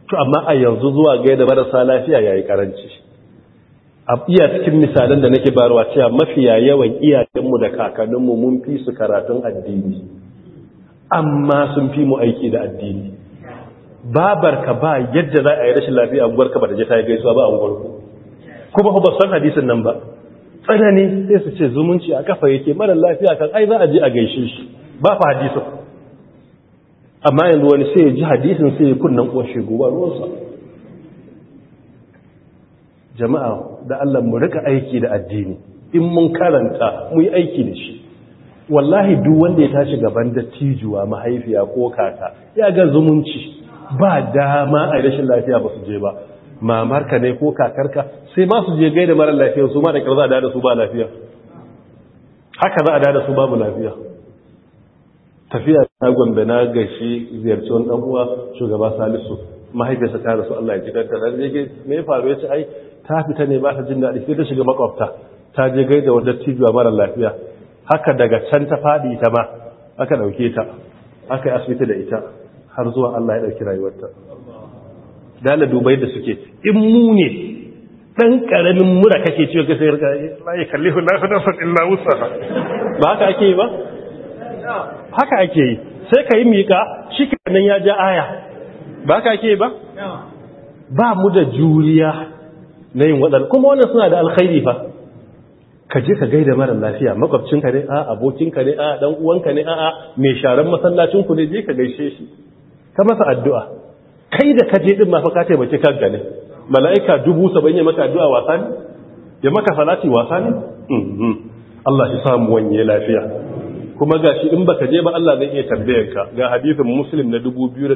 to amma a yanzu zuwa ga da marasa lafiya yayi karanci a iya cikin misalan da nake barwa cewa mafiya yawan iyayenmu da mu mun fi su karatun addini amma sun fi mu aiki da addini babarka ba yadda za a yi rashin lafiya a gwarka ba ta je ta yi gaisuwa ba a gwarku kuma ba san hadisin nan ba tsanani sai su ce zumunci a kafa yake mara lafiya kan ai za a je a gaishe shi ba fa hadisin amma yanzu wani sai ya ji hadisin sai ya kunnan koshe gobe ruwansa jama'a da Allah mu rika aiki da addini in mun karanta mu yi aiki da shi wallahi duk wanda ya tashi gaban dattijuwa mahaifiya ko kaka ya ga zumunci ba dama a rashin lafiya ba su je ba mamarka ne ko kakarka sai ma su je gaida mara lafiya su ma da kyau za a dada su ba lafiya haka za a dada su babu lafiya tafiya ta gombe na gashi ziyarci wani dan shugaba salisu mahaifiyarsa ta rasu Allah ya ji kanta me faru C.I. ai ta fita ne ba ta jin daɗi sai ta shiga makwabta ta je gaida wata tijuwa mara lafiya haka daga can ta faɗi ta ba aka ɗauke ta aka yi asibiti da ita har zuwa Allah ya ɗauki rayuwarta dala dubai da suke in mu ne dan karamin mura kake ciwo ka sai rika la yakallihu la nafsan illa wusaha ba haka ake yi ba haka ake yi sai ka yi mika shikenan ya ja aya ba haka ake yi ba ba mu da juriya na yin wadal kuma wannan suna da alkhairi fa ka je ka gaida mara lafiya ka ne a abokinka ne a dan uwanka ne a mai sharan masallacinku ne je ka gaishe shi ka masa addu'a kai da kaje din ma fa ka taimake kanka mala'ika dubu saba'in ya maka addu'a wasa ne ya maka salati wasa ne mhm. Allah ya samu wanye lafiya kuma ga shi in baka je ba Allah zai iya tambayar ka ga hadisin muslim na 2569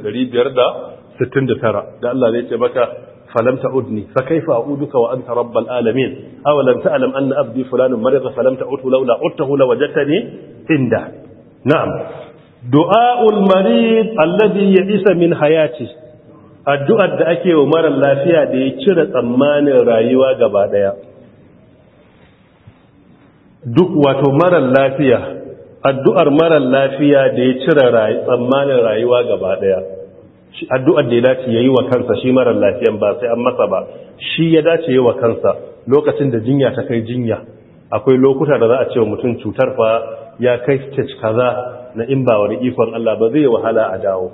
da Allah zai ce maka falam ta'udni fa kaifa a'uduka wa anta rabbal alamin aw lam ta'lam anna abdi fulan marid falam ta'udhu laula uttahu lawajatani inda na'am Du'a du'a'ul marid alladhi ya'isa min hayati addu'ar da ake wa marar lafiya da ya cire tsammanin rayuwa gaba daya duk wato marar lafiya addu'ar marar lafiya da ya cire tsammanin rayuwa gaba daya addu'ar da ya dace ya yi wa kansa shi marar lafiyan ba sai an masa ba shi ya dace yi wa kansa lokacin da jinya ta kai jinya akwai lokuta da za a ce wa mutum cutar fa ya kai stage kaza na in ba wani ikon Allah ba zai wahala a dawo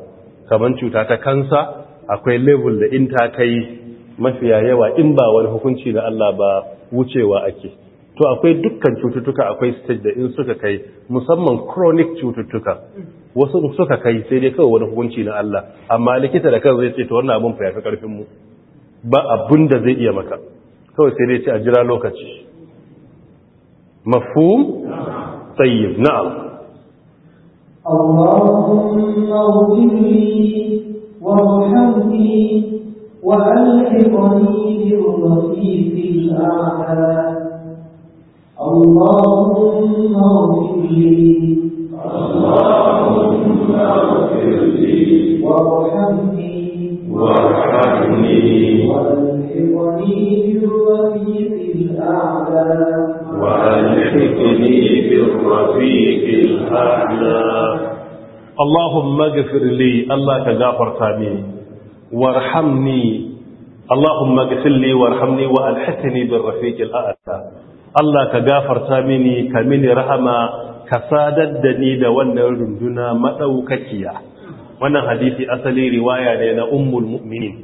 kamar cuta ta kansa akwai level da in ta kai mafiya yawa in ba wani hukunci na Allah ba wucewa ake to akwai dukkan cututtuka akwai stage da in suka kai musamman chronic cututtuka wasu suka kai sai dai kawai wani hukunci na Allah amma likita da kansa zai ce to wannan abun fa karfin mu ba abun da zai iya maka kawai sai dai ce a jira lokaci mafhum tayyib na'am Allahumma وارحمني وألحقني بالرفيق الأعلى اللهم اغفر لي اللهم اغفر لي وارحمني وارحمني والحقني بالرفيق الأعلى والحقني بالرفيق الأعلى Allahumma gafirli Allah ka gafarta mini warhamni Allahumma warhamni wa alhaqni bir rafiqil a'la Allah ka gafarta mini ka mini rahama ka sadar da ni da wannan runduna madaukakiya wannan hadisi asali riwaya ne na ummul mu'minin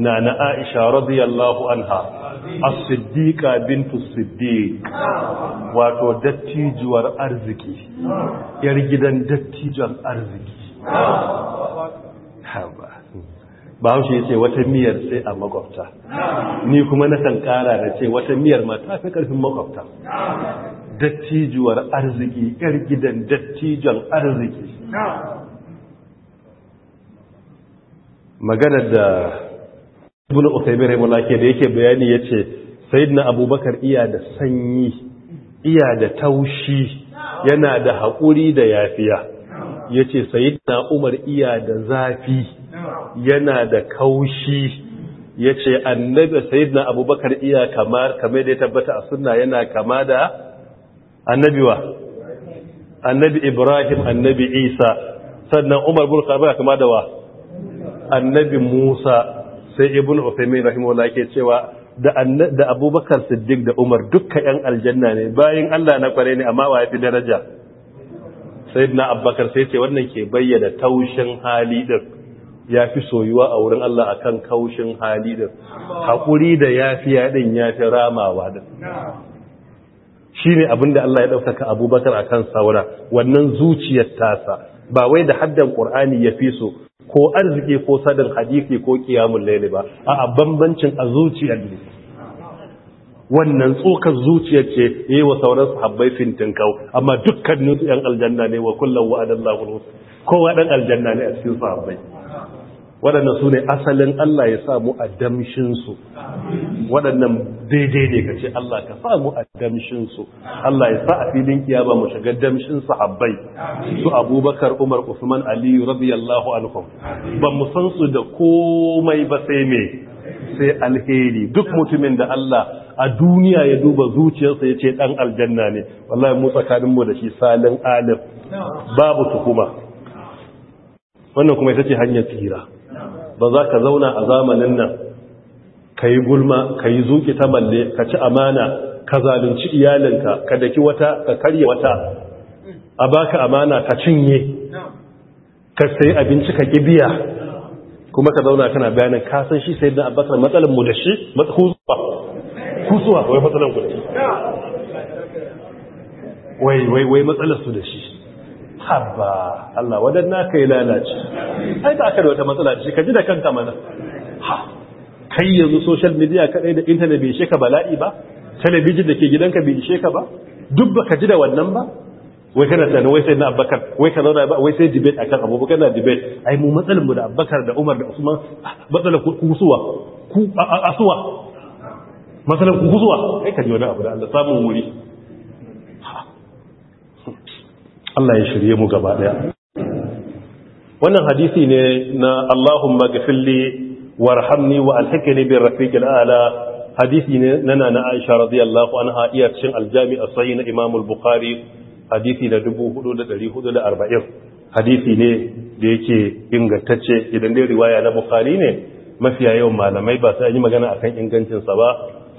na na Aisha radiyallahu anha as-siddiqa bintu siddiq wato dattijuwar arziki yar gidan dattijuwar arziki haba ba haushe ya ce wata miyar sai a makwabta ni kuma na kan kara da ce wata miyar ma ta fi karfin makwabta dattijuwar arziki yar gidan dattijuwar arziki maganar da ibn usaymin rahimahullah ke da yake bayani yace sayyidina abubakar iya da sanyi iya da taushi yana da haƙuri da yafiya yace sayyidina umar iya da zafi yana da kaushi yace annabi sayyidina abubakar iya kamar kamar da ya tabbata a sunna yana kama da annabi wa annabi ibrahim annabi isa sannan umar bin khattab kama da wa annabi musa sai ibn Uthaymeen rahimahullah ke cewa da da Abubakar Siddiq da Umar dukkan yan aljanna ne bayan Allah na kware ne amma wa yafi daraja sayyidina Abubakar sai ce wannan ke bayyana taushin hali din yafi soyuwa a wurin Allah akan kaushin hali din hakuri da yafiya din yafi ramawa din shi abinda Allah ya ɗaukaka abubakar akan saura wannan zuciyar tasa ba wai da haddan ƙur'ani ya fi so ko arziki ko sadar hadisi ko kiyamun laili ba a bambancin a zuciyar ne wannan tsokar zuciyar ce yi eh, wa sauran sahabbai fintin kau amma dukkan yan aljanna ne wa kullum wa'adallahu kowa dan aljanna ne a cikin sahabbai waɗannan su ne asalin Allah ya samu a damshinsu waɗannan daidai ne ka ce Allah ka samu a damshinsu Allah ya sa a filin kiyaba mu shiga damshin sahabbai su abubakar umar usman aliyu radiyallahu anhum ba mu san su da komai ba sai me sai alheri duk mutumin da Allah a duniya ya duba zuciyarsa ya ce ɗan aljanna ne wallahi mu tsakaninmu da shi salin alif babu kuma. wannan kuma ita ce hanyar tsira ba za ka zauna a zamanin nan ka yi gulma ka yi zuki ta malle ka ci amana ka zalunci iyalinka ka daki wata ka karye wata a baka amana ka cinye ka sai abinci ka kibiya kuma ka zauna kana bayanin kasan shi sai da abbasar matsalin mu da shi kusuwa kusuwa wai matsalar ku da shi wai wai wai matsalar su da shi haba Allah wadan naka ya lalace ai ba ka da wata matsala ce ka ji da kanka mana ha kai yanzu social media kadai da internet bai sheka bala'i ba talabijin da ke gidanka bai sheka ba duk ka ji da wannan ba wai kana da wai sai na abbakar wai ka zauna wai sai debate akan abu kana debate ai mu matsalar mu da abbakar da umar da usman matsalar ku kusuwa ku asuwa matsalar ku kusuwa kai ka ji wani abu da Allah samu wuri Allah ya shirye mu gaba daya wannan hadisi ne na Allahumma ghfirli warhamni wa alhiqni bir rafiqil a'la hadisi ne nana na Aisha radiyallahu anha iya cikin aljami as-sahih na Imam al-Bukhari hadisi na 4440 hadisi ne da yake ingantacce idan dai riwaya na Bukhari ne mafi yawan malamai ba sai yi magana akan ingancin sa ba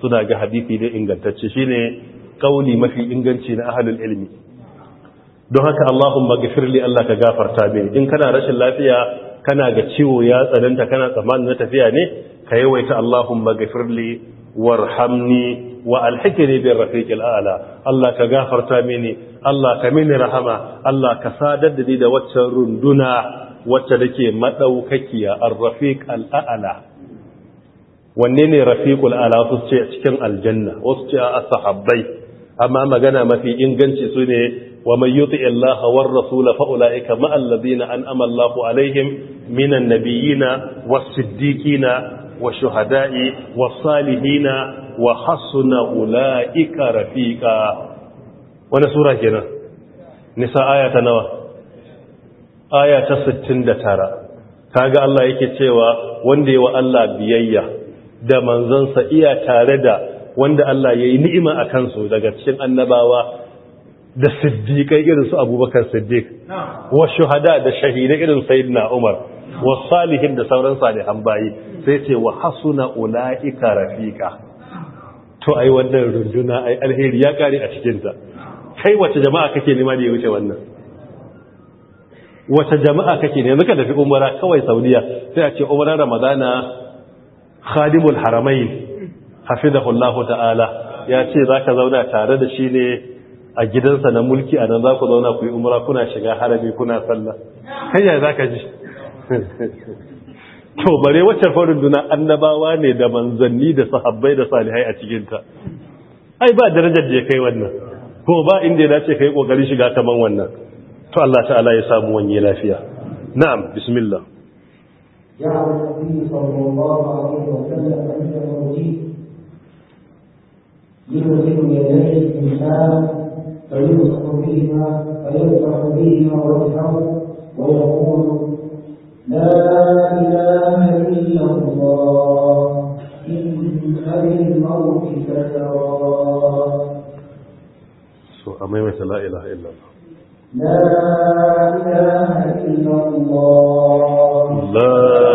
suna ga hadisi ne ingantacce shine kauli mafi inganci na ahlul ilmi don haka Allahumma gafirli Allah ka gafarta mini in kana rashin lafiya kana ga ciwo ya tsananta kana tsammanin na tafiya ne ka yawaita Allahumma gafirli warhamni wa alhikini bin rafiqil a'la Allah ka gafarta mini Allah ka mini rahama Allah ka sadar da ni da waccan runduna wacce take madaukakiya ar-rafiq al-a'la wanne ne rafiqul a'la su ce cikin aljanna wasu ce a sahabbai amma magana mafi inganci su ne ومن يطع الله والرسول فأولئك مع الذين أنعم الله عليهم من النبيين والصديقين والشهداء والصالحين وحسن أولئك رفيقا wani sura kenan nisa aya ta nawa aya ta 69 kaga Allah yake cewa wanda yawa Allah biyayya da manzansa iya tare da wanda Allah yayi ni'ima akan su daga cikin annabawa da siddiƙai irin su abubakar siddiƙ wa shuhada da shahida irin sayyidina umar wa salihin da sauran salihan bayi sai ce wa hasuna ula'ika rafiqa to ai wannan runduna ai alheri ya kare a cikinta ta kai wace jama'a kake nema da ya wuce wannan wace jama'a kake ne muka tafi umara kawai saudiya sai a ce umara ramadana khadimul haramain hafizahullahu ta'ala ya ce zaka zauna tare da shi ne a gidansa na mulki a nan za ku zauna ku yi umara kuna shiga harami kuna sallah hanya za ka ji to bare wacce farin duna annabawa ne da manzanni da sahabbai da salihai a cikinta ai ba darajar da ya kai wannan ko ba inda ya dace kai kokarin shiga kaman wannan to Allah ta'ala ya samu wani lafiya na'am bismillah ya rabbi sallallahu alaihi wa sallam ya فينصح بهما فينصح بهما وجهه ويقول لا إله إلا الله إن للموت سكرات أمامة لا إله إلا الله لا إله إلا الله لا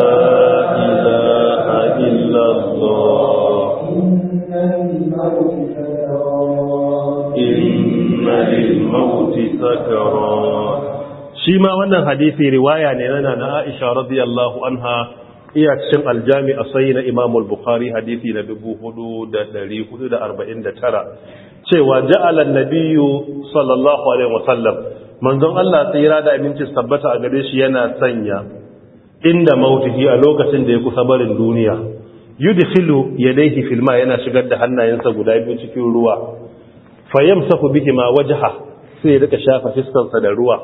سكران shi ma wannan hadisi riwaya ne na na Aisha radiyallahu anha iya cikin aljami a sai na Imam al-Bukhari hadisi na 4449 cewa ja'alar an-nabiyyu sallallahu alaihi wasallam manzon Allah tsira da aminci tabbata a gare shi yana sanya inda mautihi a lokacin da ya kusa barin duniya yudkhilu yadayhi fil filma yana shigar da hannayensa guda biyu cikin ruwa fayamsahu bihima wajhahu sai ya rika shafa fiskansa da ruwa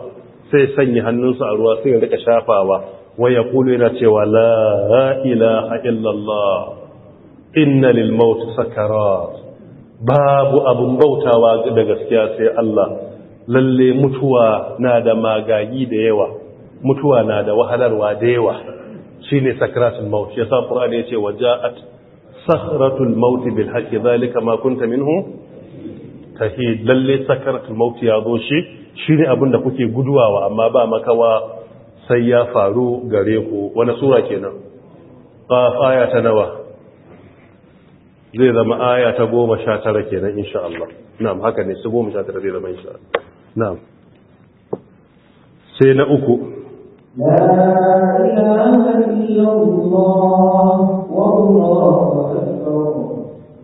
sai sanya hannunsa a ruwa sai ya rika shafawa wai ya kulu yana cewa la ilaha illallah inna lil maut sakarat babu abun bautawa da gaskiya sai Allah lalle mutuwa na da magagi da yawa mutuwa na da wahalarwa da yawa shine sakaratul maut yasa qur'ani yace waja'at sakhratul maut bil haqqi zalika ma kunta minhu mustahil lalle sakaratul maut ya zo shi shine abin da kuke guduwawa amma ba makawa sai ya faru gare ku wani sura kenan qaf aya ta nawa zai zama aya ta 19 kenan insha Allah na'am haka ne su 19 zai zama insha Allah na'am sai na uku la ilaha illallah wallahu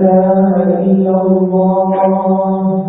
إله إلا الله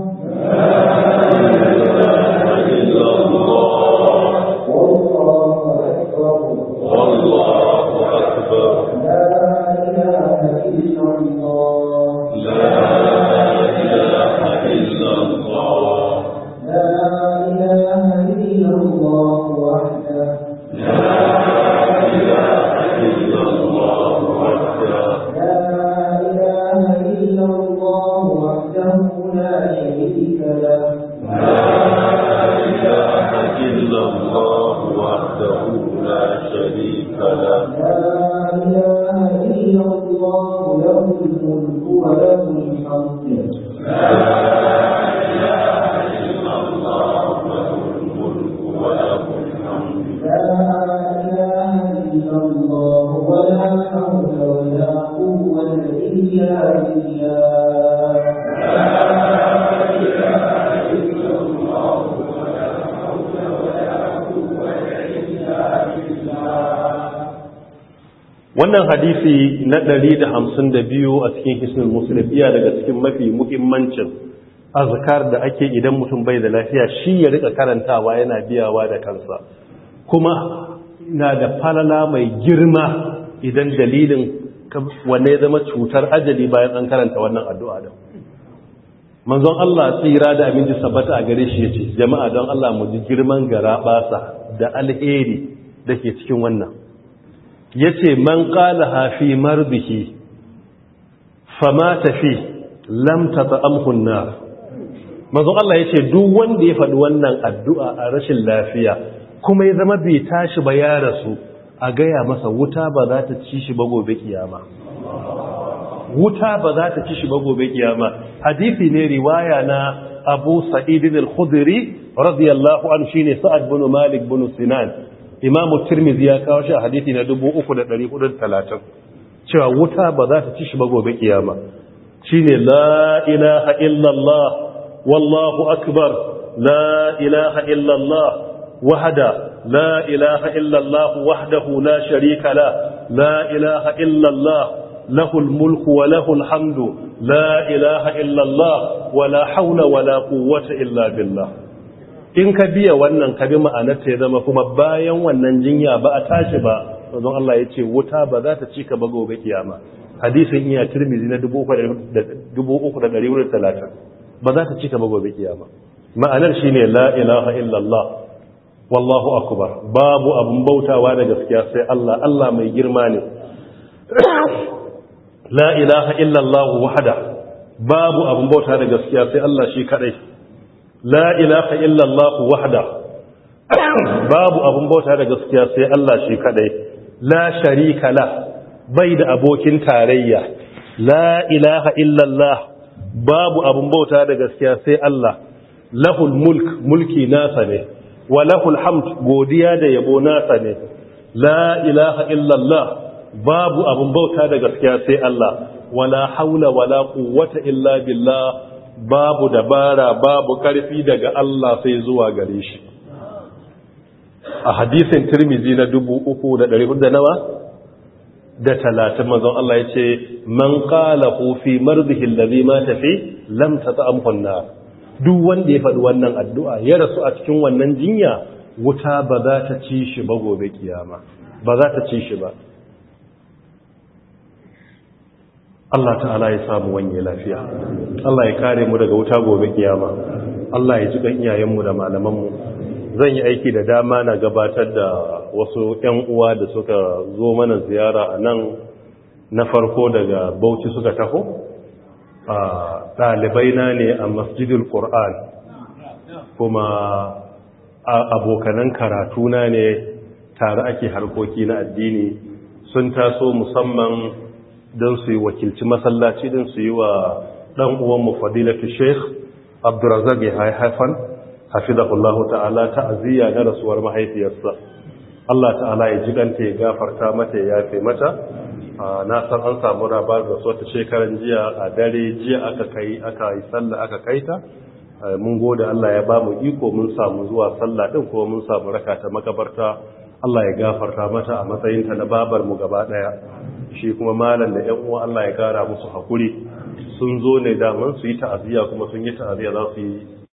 wannan hadisi na ɗari da 152 a cikin hisnul muslim iya daga cikin mafi muhimmancin azkar da ake idan mutum bai da lafiya shi ya rika karantawa yana biyawa da kansa kuma na da falala mai girma idan dalilin wanne zama cutar ajali bayan an karanta wannan addu'a da manzon Allah tsira da abinci sabbata a gare shi ce jama'a don Allah mu ji girman garaɓasa da alheri ke cikin wannan Yace ce man ƙala hafi marbihi fama tafi lamta ta na mazan Allah ya ce duk wanda ya faɗi wannan addu'a a rashin lafiya kuma ya zama bai tashi ba ya rasu a gaya masa wuta ba za ta ci shi ba gobe kiyama wuta ba za ta ci shi ba gobe kiyama hadithi ne riwaya na abu sa'idin al-khudiri radiyallahu an shine sa'ad bin malik bin sinan imamu tirmizi ya kawo shi a hadithi na dubu 3430 cewa wuta ba za ta ci shi ba gobe kiyama shine ne ilaha illallah wallahu akbar la ilaha illallah wahda la ilaha illallah wahdahu na sharika la la ilaha illallah له الملك وله الحمد لا إله إلا الله ولا حول ولا قوة إلا in ka biya wannan ka bi ma'anarta ya zama kuma bayan wannan jinya ba a tashi ba don Allah ya ce wuta ba za ta ci ka ba gobe kiyama hadisin iya tirmizi na 3,330 ba za ta ci ka ba gobe kiyama ma'anar shi ne la ilaha illallah wallahu akubar babu abin bautawa da gaskiya sai Allah Allah mai girma ne la ilaha illallah wahada babu abin bauta da gaskiya sai Allah shi kadai la ilaha illallah wahda babu abun bauta da gaskiya sai Allah shi kadai la sharika la bai da abokin tarayya la ilaha illallah babu abun bauta da gaskiya sai Allah lahul mulk mulki nasa ne wa lahul hamd godiya da yabo nasa ne la ilaha illallah babu abun bauta da gaskiya sai Allah wala haula wala quwwata illa billah babu dabara babu karfi daga Allah sai zuwa gare shi a hadisin tirmizi na dubu uku da ɗari da nawa da talatin mazan Allah ya ce man kala fi marzihin da zai mata fi lamta ta amfanna duk wanda ya faɗi wannan addu'a ya rasu a cikin wannan jinya wuta ba za ta ci shi ba gobe kiyama ba za ta ci shi ba Allah ta'ala ya samu wanye lafiya Allah ya kare mu daga wuta gobe kiyama Allah ya ji iyayenmu da malamanmu zan yi aiki da dama na gabatar da wasu ƴan uwa da suka zo mana ziyara a nan na farko daga Bauchi suka taho ɗalibai na ne a Masjidul Qur'an kuma abokanan karatu na ne tare ake harkoki na addini sun taso musamman don su yi wakilci masallaci don su yi wa ɗan uwanmu fadilatu sheikh abdurazak ya haifan hafizahullahu ta'ala ta ta'aziyya na rasuwar mahaifiyarsa Allah ta'ala ya ji ɗanta ya gafarta mata ya yafe mata na san an samu rabar da wata shekaran jiya a dare jiya aka kai aka yi sallah aka kai ta mun gode Allah ya ba mu iko mun samu zuwa sallah din kuma mun samu raka ta makabarta Allah ya gafarta mata a matsayinta na babar mu gaba ɗaya. shi kuma malam da ƴan uwa Allah ya kara musu hakuri sun zo ne dama su yi ta'aziyya kuma sun yi ta'aziyya za su yi